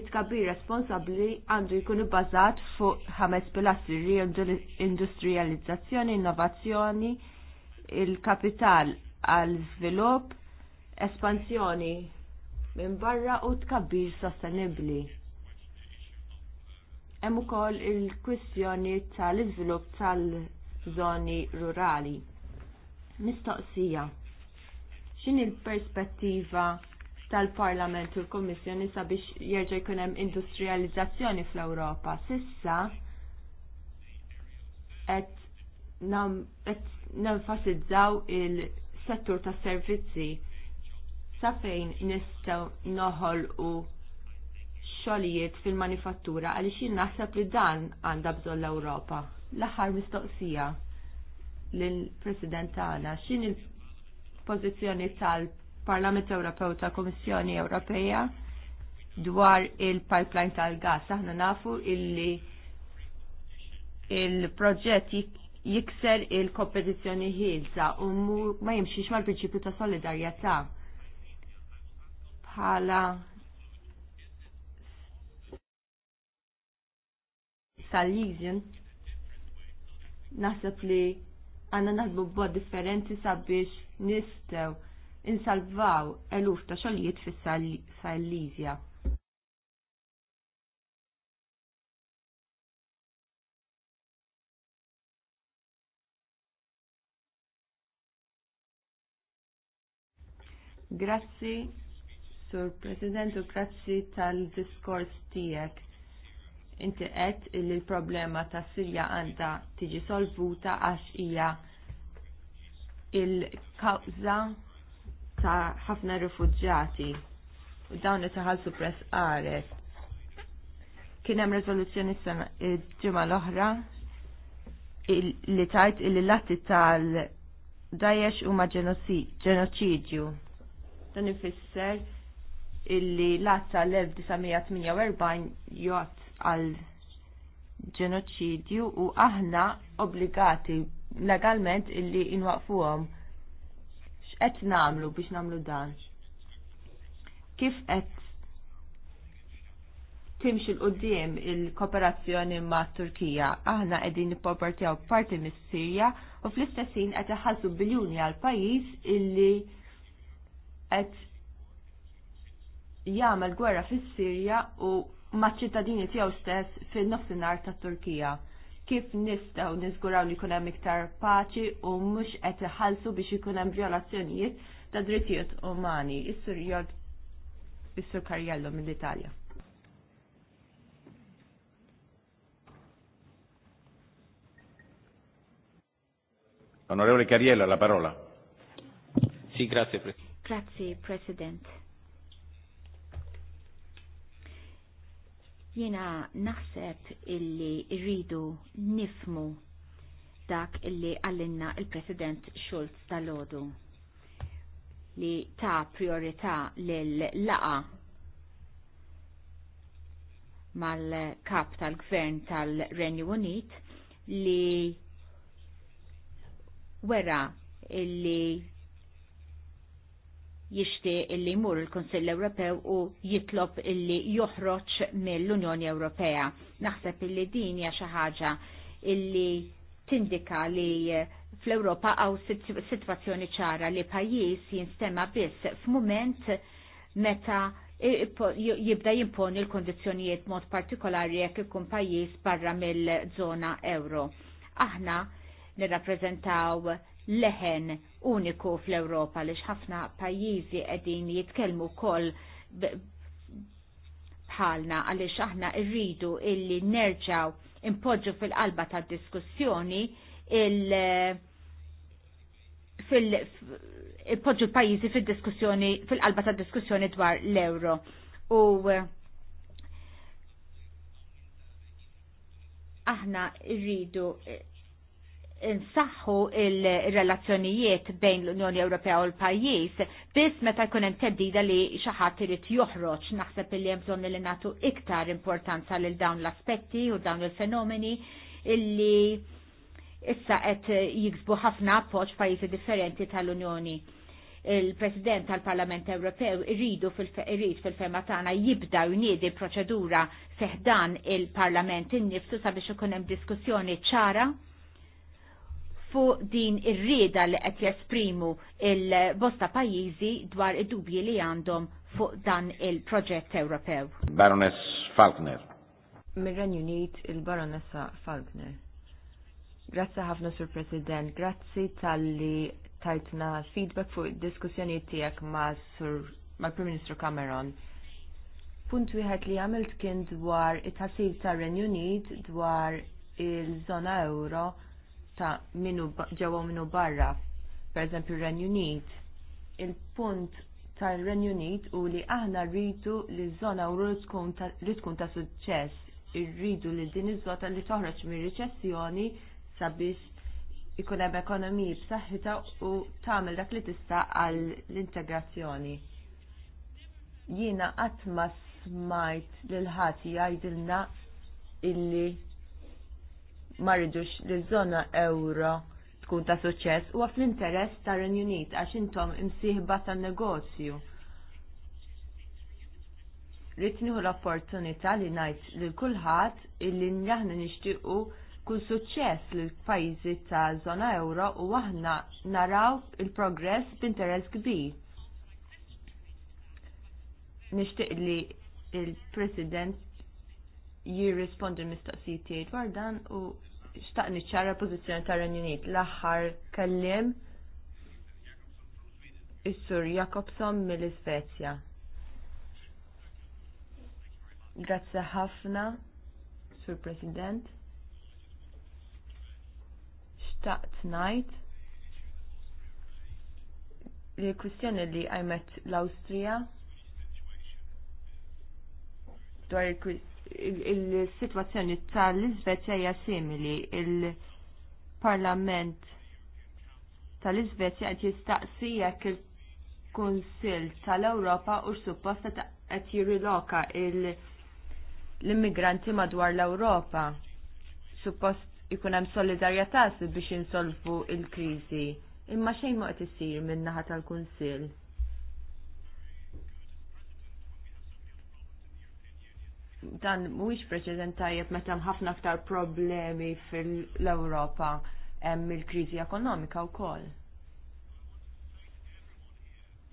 It-tkabbir responsabli għandu jkun ibbażat fuq ħames pilastri industrializzazzjoni, innovazzjoni, il-kapital għal svilup, espansjoni minn barra u tkabbir sostenibli. Hemm ukoll il-kwistjoni tal-iżvilupp tal-żoni rurali. Mistoqsija. X'in il-perspettiva tal-Parlament u l-Kommissjoni sabiex jerġa' jkun hemm industrializzazzjoni fl-Ewropa. Sissa qed nenfasizzaw il-settur tas-servizzi sa fejn nistgħu noħolqu xogħlijiet fil-manifattura għaliex jien naħseb li dan għandha bżonn l-Ewropa. L-aħħar mistoqsija lill-President tagħna x'in il-pożizzjoni tal-Parlament Ewropew ta' Kummissjoni Ewropea dwar il-pipeline tal-gas. Aħna nafu illi il-proġett jikser il-kompetizzjoni ħilsa u ma jimxiex mal-prinċipju ta' solidarjetà bħala sal naħseb li għanna naħdmu b'mod differenti sabiex nistew insalvaw eluf ta' xogħlijiet fis-Salizja. Grazzi, Sur President, u grazzi tal-diskors tijek inti qed li l-problema ta' Sirja għandha tiġi solvuta għax hija il kawza ta' ħafna rifugġati u dawn li taħalsu press qaret. Kien hemm riżoluzzjoni ġimgħa l-oħra li tajt illi l-atti tal dajesh huma ġenoċidju. Dan ifisser illi l-att tal-1948 jgħat għal ġenoċidju u aħna obbligati legalment illi inwaqfuhom. X'qed namlu biex namlu dan? Kif qed timxi l qudiem il-kooperazzjoni ma' Turkija. Aħna qegħdin nipportjaw parti mis-Sirja u fl-istess ħin qed iħallsu biljuni għal pajjiż illi qed jagħmel gwerra fis-Sirja u maċ ċittadini tiegħu stess fin-nofsinhar tat-Turkija. Kif nistgħu niżguraw li jkun hemm iktar paċi u mhux qed iħallsu biex ikun hemm violazzjonijiet ta' drittijiet umani. Is-Sur Jod is-Sur Karjello mill-Italja. Onorevole Karjello la parola. Sì, grazie Presidente. Grazie Presidente. Jiena naħseb illi rridu nifmu dak illi għallinna il-President Schulz tal-ħodu li ta' priorita l-laqa mal-kap tal-gvern tal-Renju Unit li wera illi jixtieq illi jmur il-Kunsill Ewropew u jitlob illi joħroġ mill-Unjoni Ewropea. Naħseb illi din hija xi ħaġa illi tindika li fl-Ewropa għaw situazzjoni ċara li pajjiż jinstema biss f'mument meta jibda jimponi l-kondizjonijiet mod partikolari jekk ikun pajjiż barra mill-żona euro. Aħna nirrappreżentaw leħen uniku fl-Ewropa li ħafna pajjiżi qegħdin jitkellmu wkoll bħalna għaliex aħna rridu illi nerġaw impoġġu fil-qalba tad diskussjoni il- fil poġġu pajjiżi fil-diskussjoni fil-qalba tad diskussjoni dwar l-euro. U aħna rridu insaħħu il-relazzjonijiet bejn l-Unjoni Ewropea u l-pajjiż biss meta jkun hemm teddida li xi ħadd irid joħroġ naħseb li hemm bżonn li nagħtu iktar importanza lil dawn l-aspetti u dawn il-fenomeni illi issa qed jiksbu ħafna appoġġ pajjiżi differenti tal-Unjoni il-President tal-Parlament Ewropew irridu fil irid fil-fema tagħna jibda jniedi proċedura seħdan il-Parlament innifsu sabiex ikun hemm diskussjoni ċara fuq din ir-rieda li qed jesprimu il-bosta pajjiżi dwar id-dubji li għandhom fuq dan il-proġett Ewropew. Baroness Falkner. Mir-Renju Unit il-Baronessa Falkner. Grazzi ħafna Sur President, grazzi tal-li tajtna feedback fuq diskussjoni tiegħek ma' Sur mal-Prim Ministru Cameron. Punt wieħed li għamilt kien dwar it tasil tar-Renju Unit dwar il-żona euro ta' minu ġewwa minu barra, pereżempju Renju Unit. Il-punt tal-Renju Unit u li aħna rridu li z-zona u li tkun ta' suċċess, irridu li din iż-żota li toħroġ minn riċessjoni sabiex ikun hemm ekonomiji b'saħħitha u tagħmel dak li tista' għal l-integrazzjoni. Jiena qatt ma smajt lil ħati jgħidilna illi ma rridux li żona euro tkun ta' suċċess huwa fl-interess tar renju Unit għax intom imsieħba tan-negozju. Ritniħu l-opportunità li ngħid lil kulħadd illi aħna nixtiequ kull suċċess l pajjiżi ta' żona euro u aħna naraw il-progress b'interess kbir. Nixtieq li il-President jirrispondi l-mistoqsijiet tiegħi dwar dan u xtaq niċċara pożizzjoni tar-Renju Unit. L-aħħar kellim. is-Sur Jakobson mill-Iżvezja. Grazzi ħafna, Sur President. Xtaqt ngħid li kwistjoni li għajmet l-Austria dwar il-situazzjoni tal-Izvezja hija simili. Il-Parlament tal-Izvezja qed jistaqsi jekk il-Kunsill tal-Ewropa u supposta qed jiriloka l-immigranti madwar l-Ewropa. Suppost ikun hemm solidarjetà biex insolvu il-kriżi. Imma xejn ma qed isir min-naħa tal-Kunsill. dan mhuwiex preċedent tajjeb meta hemm ħafna aktar problemi fil-Ewropa hemm il-kriżi ekonomika wkoll.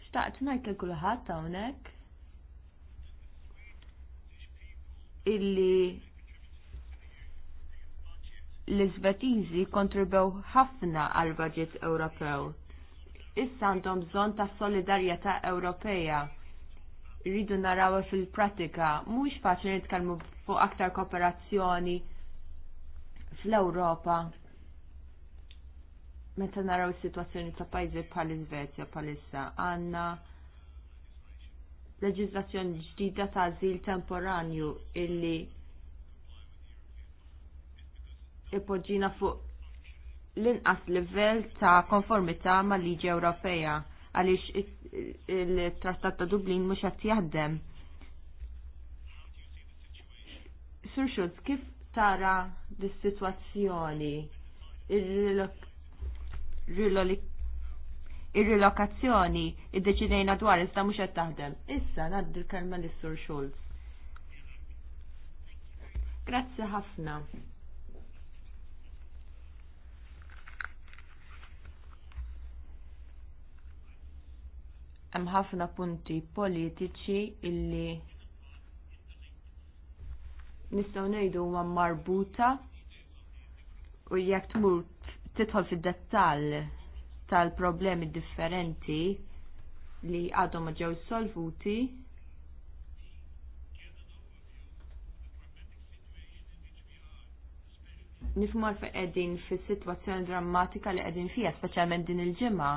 Xtaqt ngħid lil kulħadd hawnhekk illi l-Iżvetiżi kontribew ħafna għal budget Ewropew. Issa għandhom bżonn ta' solidarjetà Ewropea rridu naraw fil-pratika, mhux faċli nitkellmu fuq aktar kooperazzjoni fl-Ewropa. Meta naraw is-sitwazzjoni ta' pajjiżi bħal iżvezja bħalissa għandna leġiżlazzjoni ġdida ta' azil temporanju illi ipoġġina fuq l-inqas livell ta' konformità mal liġi Ewropea għaliex il-Trattat ta' Dublin mhux qed jaħdem. Sur Schultz, kif tara dis-sitwazzjoni? Ir-relokazzjoni iddeċidejna dwar iżda mhux qed taħdem. Issa ngħaddi l kalma lis-Sur Schultz. Grazzi ħafna. hemm ħafna punti politiċi illi nistgħu ngħidu huma marbuta u jekk tmur tidħol fid-dettall tal-problemi differenti li għadhom ma ġew solvuti nifmu fejn qegħdin fis-sitwazzjoni drammatika li qegħdin fija, speċjalment din il-ġimgħa,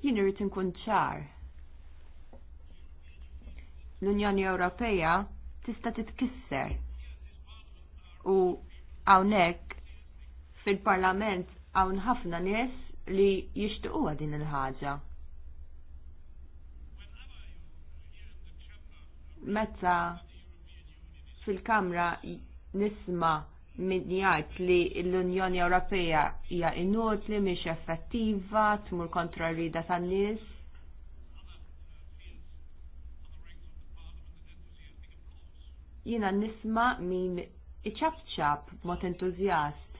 jien irid inkun ċar l-Unjoni Ewropea tista' titkisser. U hawnhekk fil-Parlament hawn ħafna nies li jixtiequha din il-ħaġa. Meta fil-Kamra nisma' min jgħid li l-Unjoni Ewropea hija inutli mhix effettiva, tmur kontra rida tan-nies, Jiena nisma min iċabċab mod entużjast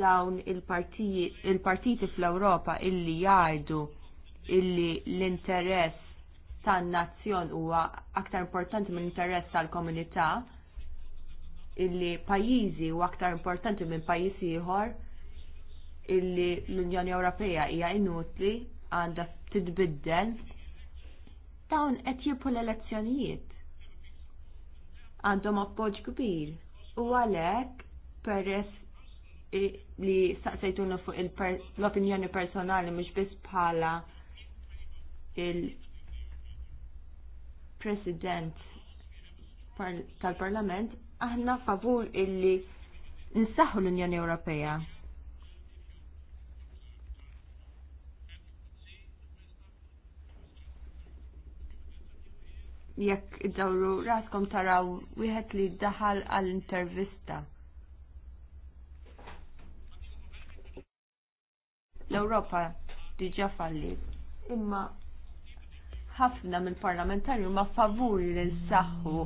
dawn il-partiti il fl-Ewropa illi jgħidu illi l-interess tan-nazzjon huwa aktar importanti minn interess tal-komunità illi pajjiżi huwa aktar importanti minn pajjiż ieħor illi l-Unjoni Ewropea hija inutli għandha tidbiddel dawn qed jirpu l-elezzjonijiet għandhom appoġġ kbir. U għalhekk peress eh, li staqsejtuna fuq l-opinjoni personali mhux biss bħala il-President tal-Parlament aħna favur illi nsaħħu l-Unjoni Ewropea jekk idawru raskom taraw wieħed li daħal għall-intervista. L-Ewropa diġa fallit. Imma ħafna mill parlamentarju ma favuri li nsaħħu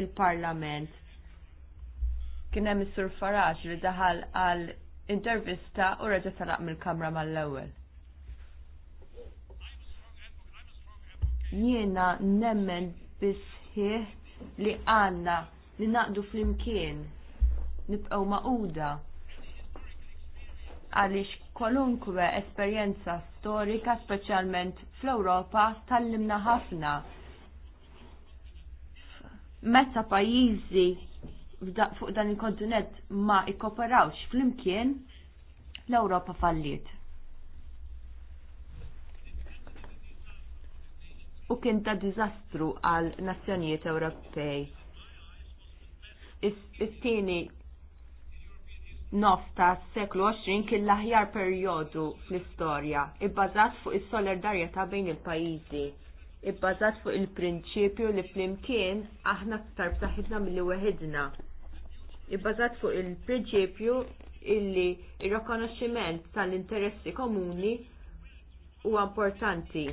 il-parlament. Kien hemm is-Sur Faraġ li daħal għal intervista u reġa' talaq mill-kamra mal-ewwel. Jiena nemmen bisħieħ li għanna li naqdu fl-imkien nibqaw maquda għaliex kolunkwe esperjenza storika, speċjalment fl-Ewropa, tallimna ħafna. Meta pajjiżi fuq dan il-kontinent ma ikkoperawx flimkien, l-Ewropa falliet. u kien ta' diżastru għal nazzjonijiet Ewropej. Is-tieni nof ta' seklu 20 kien l-aħjar perjodu fl-istorja, ibbażat fuq is-solidarjetà bejn il-pajjiżi, ibbażat fuq il-prinċipju li flimkien aħna ktar b'saħħitna milli weħidna. Ibbażat fuq il-prinċipju illi ir-rikonoxximent tal-interessi komuni huwa importanti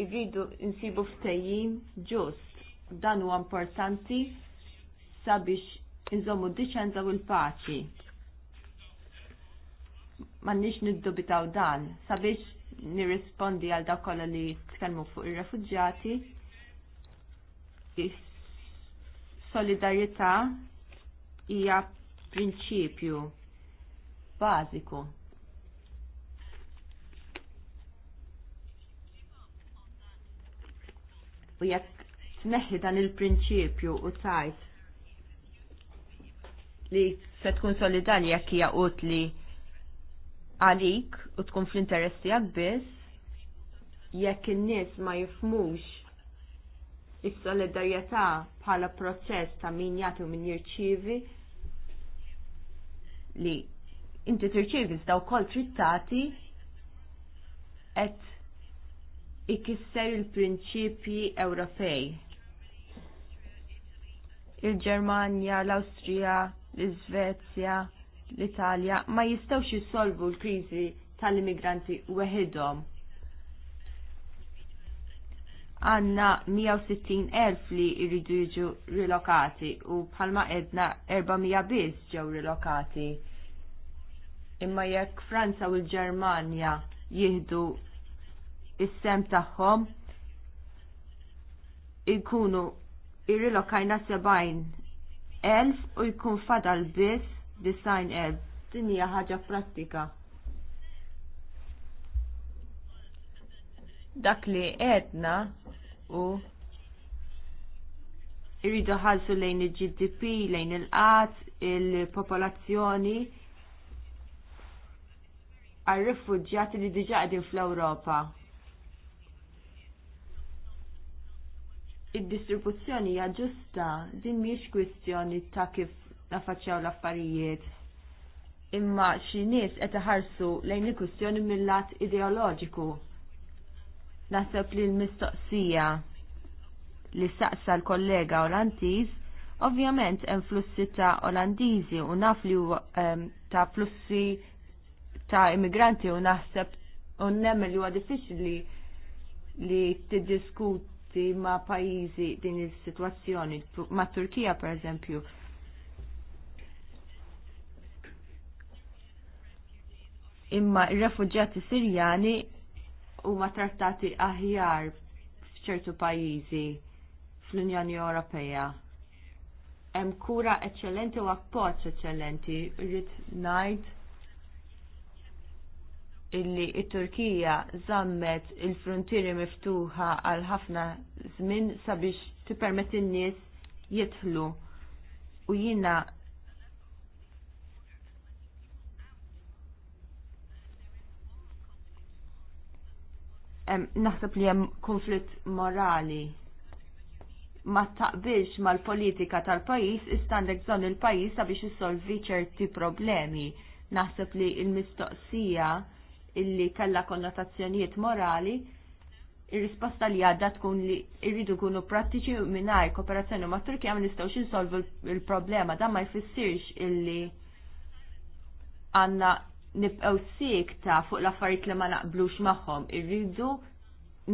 irridu insibu ftejjin ġust dan huwa importanti sabiex inżommu d-diċenza u l-paċi. M'għandniex niddubitaw dan sabiex nirrispondi għal dak kollha li tkellmu fuq ir-refuġjati solidarjetà hija prinċipju bażiku U jekk tneħħi dan il-prinċipju u tajt li se tkun solidali jekk hija utli għalik u tkun fl-interess tiegħek biss jekk in-nies ma jifmux is-solidarjetà bħala proċess ta' min jagħti u min jirċievi li inti tirċievi iżda wkoll trittati qed ikisser il-prinċipji Ewropej. Il-Ġermanja, l-Awstrija, l-Iżvezja, l-Italja ma jistawx jissolvu l-kriżi tal-immigranti weħidhom. Għanna 160.000 li jridu jiġu rilokati u bħalma edna 400 biss ġew rilokati. Imma jekk Franza u l-Ġermanja jihdu is-sem tagħhom ikunu irrilokajna elf u jkun fadal biss design elf. Din hija ħaġa prattika. Dak li għedna u irridu ħalsu lejn il-GDP, lejn il-qat, il-popolazzjoni għal-rifugġjati li diġa għedin fl-Europa. id-distribuzzjoni hija ġusta, din mhijiex kwistjoni ta' kif nafaċċjaw l-affarijiet. Imma xi nies qed iħarsu lejn il-kwistjoni mill-lat ideoloġiku. Naħseb li l-mistoqsija li saqsa l-kollega Olandiż, ovvjament hemm flussi ta' Olandiżi u naf li ta' flussi ta' immigranti u naħseb u nemmen li huwa diffiċli li tiddiskut rapporti ma' pajjiżi din is-sitwazzjoni, ma' Turkija pereżempju. Imma il refuġjati Sirjani huma trattati aħjar f'ċertu pajjiżi fl-Unjoni Ewropea. Hemm kura eċċellenti u appoġġ eċċellenti, rrid ngħid illi it-Turkija zammet il-frontieri miftuħa għal ħafna żmien sabiex tippermetti n-nies jidħlu u jina naħseb li hemm konflitt morali ma taqbilx mal-politika tal-pajis istandek bżonn il-pajis sabiex issolvi ċerti problemi. Naħseb li il-mistoqsija il mistoqsija illi kalla konnotazzjonijiet morali, ir-risposta li għadda tkun li irridu kunu prattiċi minnaj kooperazzjoni ma' Turkija ma nistawx insolvu il-problema, dan ma jfissirx illi għanna nibqaw sik ta' fuq l-affarijiet li ma naqblux magħhom, irridu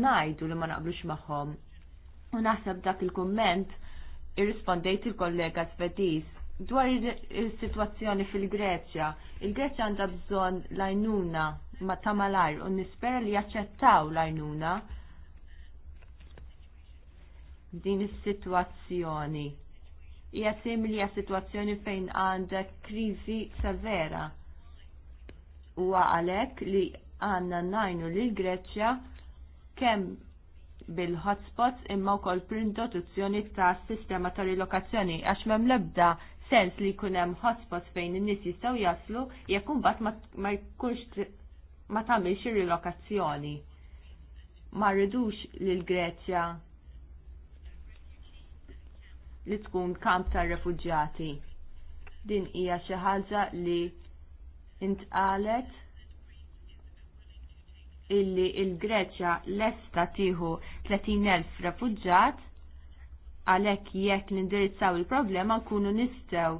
najdu li ma naqblux magħhom. U naħseb dak il-kumment irrispondejt il-kollega Svediż dwar is-sitwazzjoni fil-Greċja. Il-Greċja għandha bżonn lajnuna ma tamalajr u nispera li jaċċettaw l-għajnuna din is-sitwazzjoni. Hija simili għas sitwazzjoni fejn għandek kriżi severa. U għalhekk li għandna najnu l Greċja kemm bil-hotspots imma wkoll prindotuzzjoni ta' sistema ta' rilokazzjoni għax m'hemm l-ebda sens li jkun hemm hotspots fejn in-nies jistgħu jaslu jekk bat ma jkunx ma tagħmilx ir-rilokazzjoni. Ma rridux lil Greċja li tkun kamp tar-refuġjati. Din hija xi ħaġa li intqalet illi il-Greċja lesta tieħu 30.000 refuġġat għalhekk jekk nindirizzaw il-problema nkunu nistgħu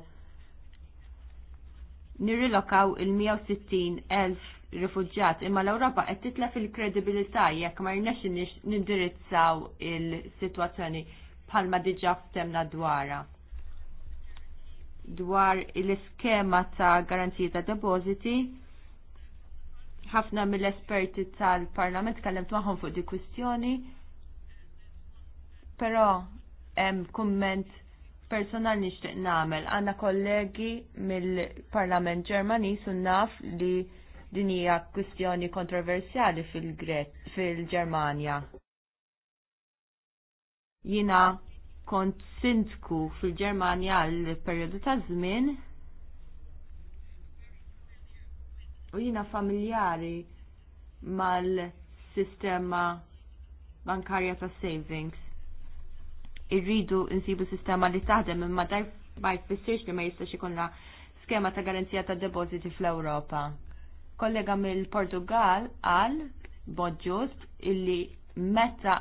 nirrilokaw il-160.000 rifugġat imma l-Ewropa qed titla fil-kredibilità jekk ma rnex nindirizzaw il-sitwazzjoni bħalma diġà ftemna dwara dwar l-iskema ta' garanzija ta' depositi ħafna mill-esperti tal-Parlament tkellimt magħhom fuq di kwistjoni però hemm kumment personal nixtieq nagħmel għandna kollegi mill-Parlament Ġermani naf li din hija kwistjoni kontroversjali fil-Ġermanja. Fil Jina kont sindku fil-Ġermanja għal perjodu ta' żmien u jina familjari mal-sistema bankarja ta' savings. Irridu nsibu sistema li taħdem imma ma jfissirx li ma jistax ikunna skema ta' garanzija ta' depositi fl-Ewropa kollega mill-Portugal għal bodġust illi meta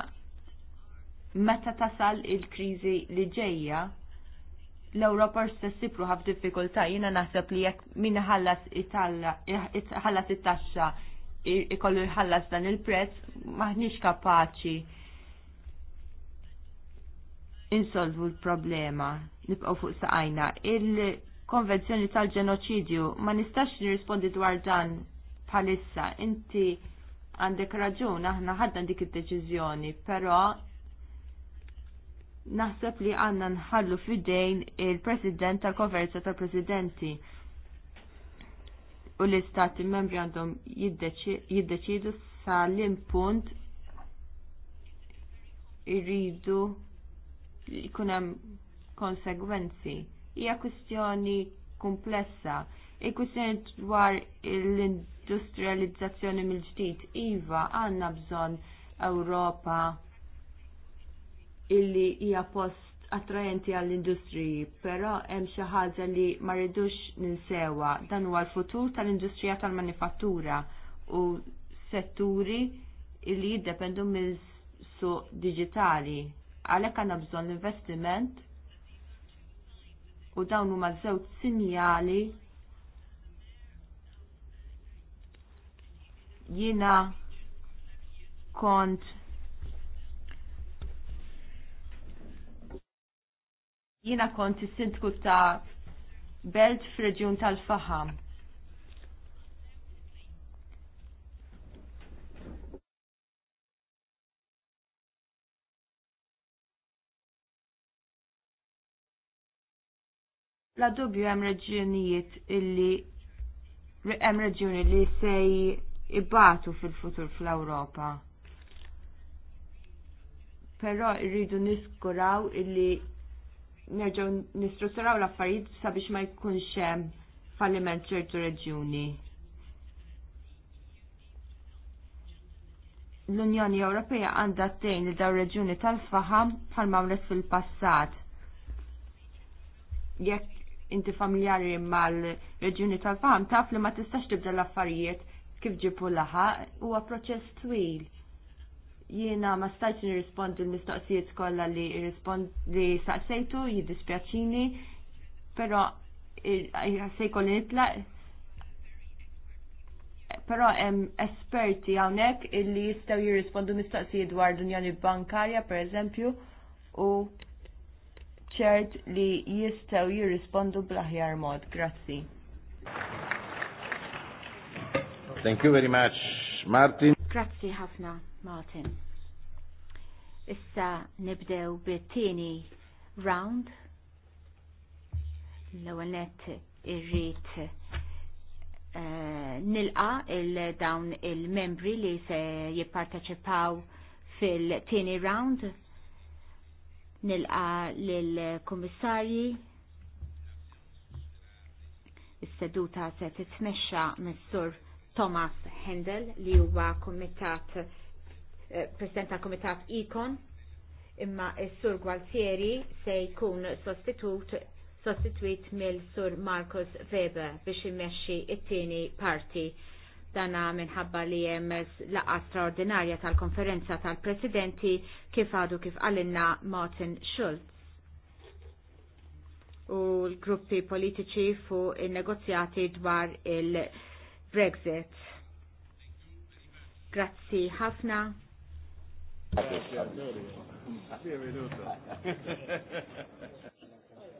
meta tasal il-kriżi li ġejja l-Ewropa stessib ruħa f'diffikultà jiena naħseb li jekk min ħallas ħallas it-taxxa ikollu jħallas dan il-prezz maħniex kapaċi insolvu l-problema nibqgħu fuq saqajna konvenzjoni tal-ġenoċidju. Ma nistax nirrispondi dwar dan palissa. Inti għandek raġun, aħna ħadna dik id-deċiżjoni, però naħseb li għanna nħallu fidejn il-President tal-Konferenza tal-Presidenti u l-Istati membri għandhom jiddeċidu sa l impunt irridu jkunem konsegwenzi hija kwistjoni komplessa. Il-kwistjoni dwar l-industrializzazzjoni mill-ġdid iva għandna bżonn Ewropa illi hija post attrajenti għall-industriji, però hemm xi ħaġa li ma rridux ninsewa dan huwa l-futur tal-industrija tal-manifattura u setturi illi jiddependu mill-suq digitali. Għalhekk għandna bżonn l-investiment u dawn huma żewġ sinjali jina kont jina kont is-sindku ta' Belt f'Reġjun tal-Faham. La dubju hemm reġjunijiet illi hemm reġjuni li se ibatu fil-futur fl-Ewropa. Però rridu niskuraw illi nerġgħu nistrutturaw l-affarijiet sabiex ma jkunx hemm falliment ċertu reġjuni. L-Unjoni Ewropea għandha tgħin li daw reġjuni tal-faħam bħal mawlet fil-passat. Jekk inti familjari mal-reġjuni tal-fam taf li ma tistax tibda l-affarijiet kif ġipu laħa huwa proċess twil. Jiena ma stajtx nirrispondi l-mistoqsijiet kollha li li saqsejtu jiddispjaċini, però eh, se jkolli nitlaq Però hemm esperti hawnhekk illi jistgħu jirrispondu mistoqsijiet dwar l-Unjoni Bankarja pereżempju u ċert li jistaw jirrispondu bl-aħjar mod. Grazzi. Thank you very much, Martin. Grazzi ħafna, Martin. Issa nibdew bit-tieni round. L-ewwel net irrid eh, nilqa il-dawn il-membri li se jipparteċipaw fil-tieni round nilqa lill-kummissarji is-seduta se titmexxa mis-sur Thomas Hendel li huwa kumitat eh, President tal-Kumitat Ikon imma s-sur Gualtieri se jkun sostitut sostituit mill-sur Marcos Weber biex immexxi it-tieni parti dana minħabba li hemm laqa straordinarja tal-konferenza tal-presidenti kif għadu kif għalinna Martin Schulz u l-gruppi politiċi fu il-negozjati dwar il-Brexit. Grazzi ħafna.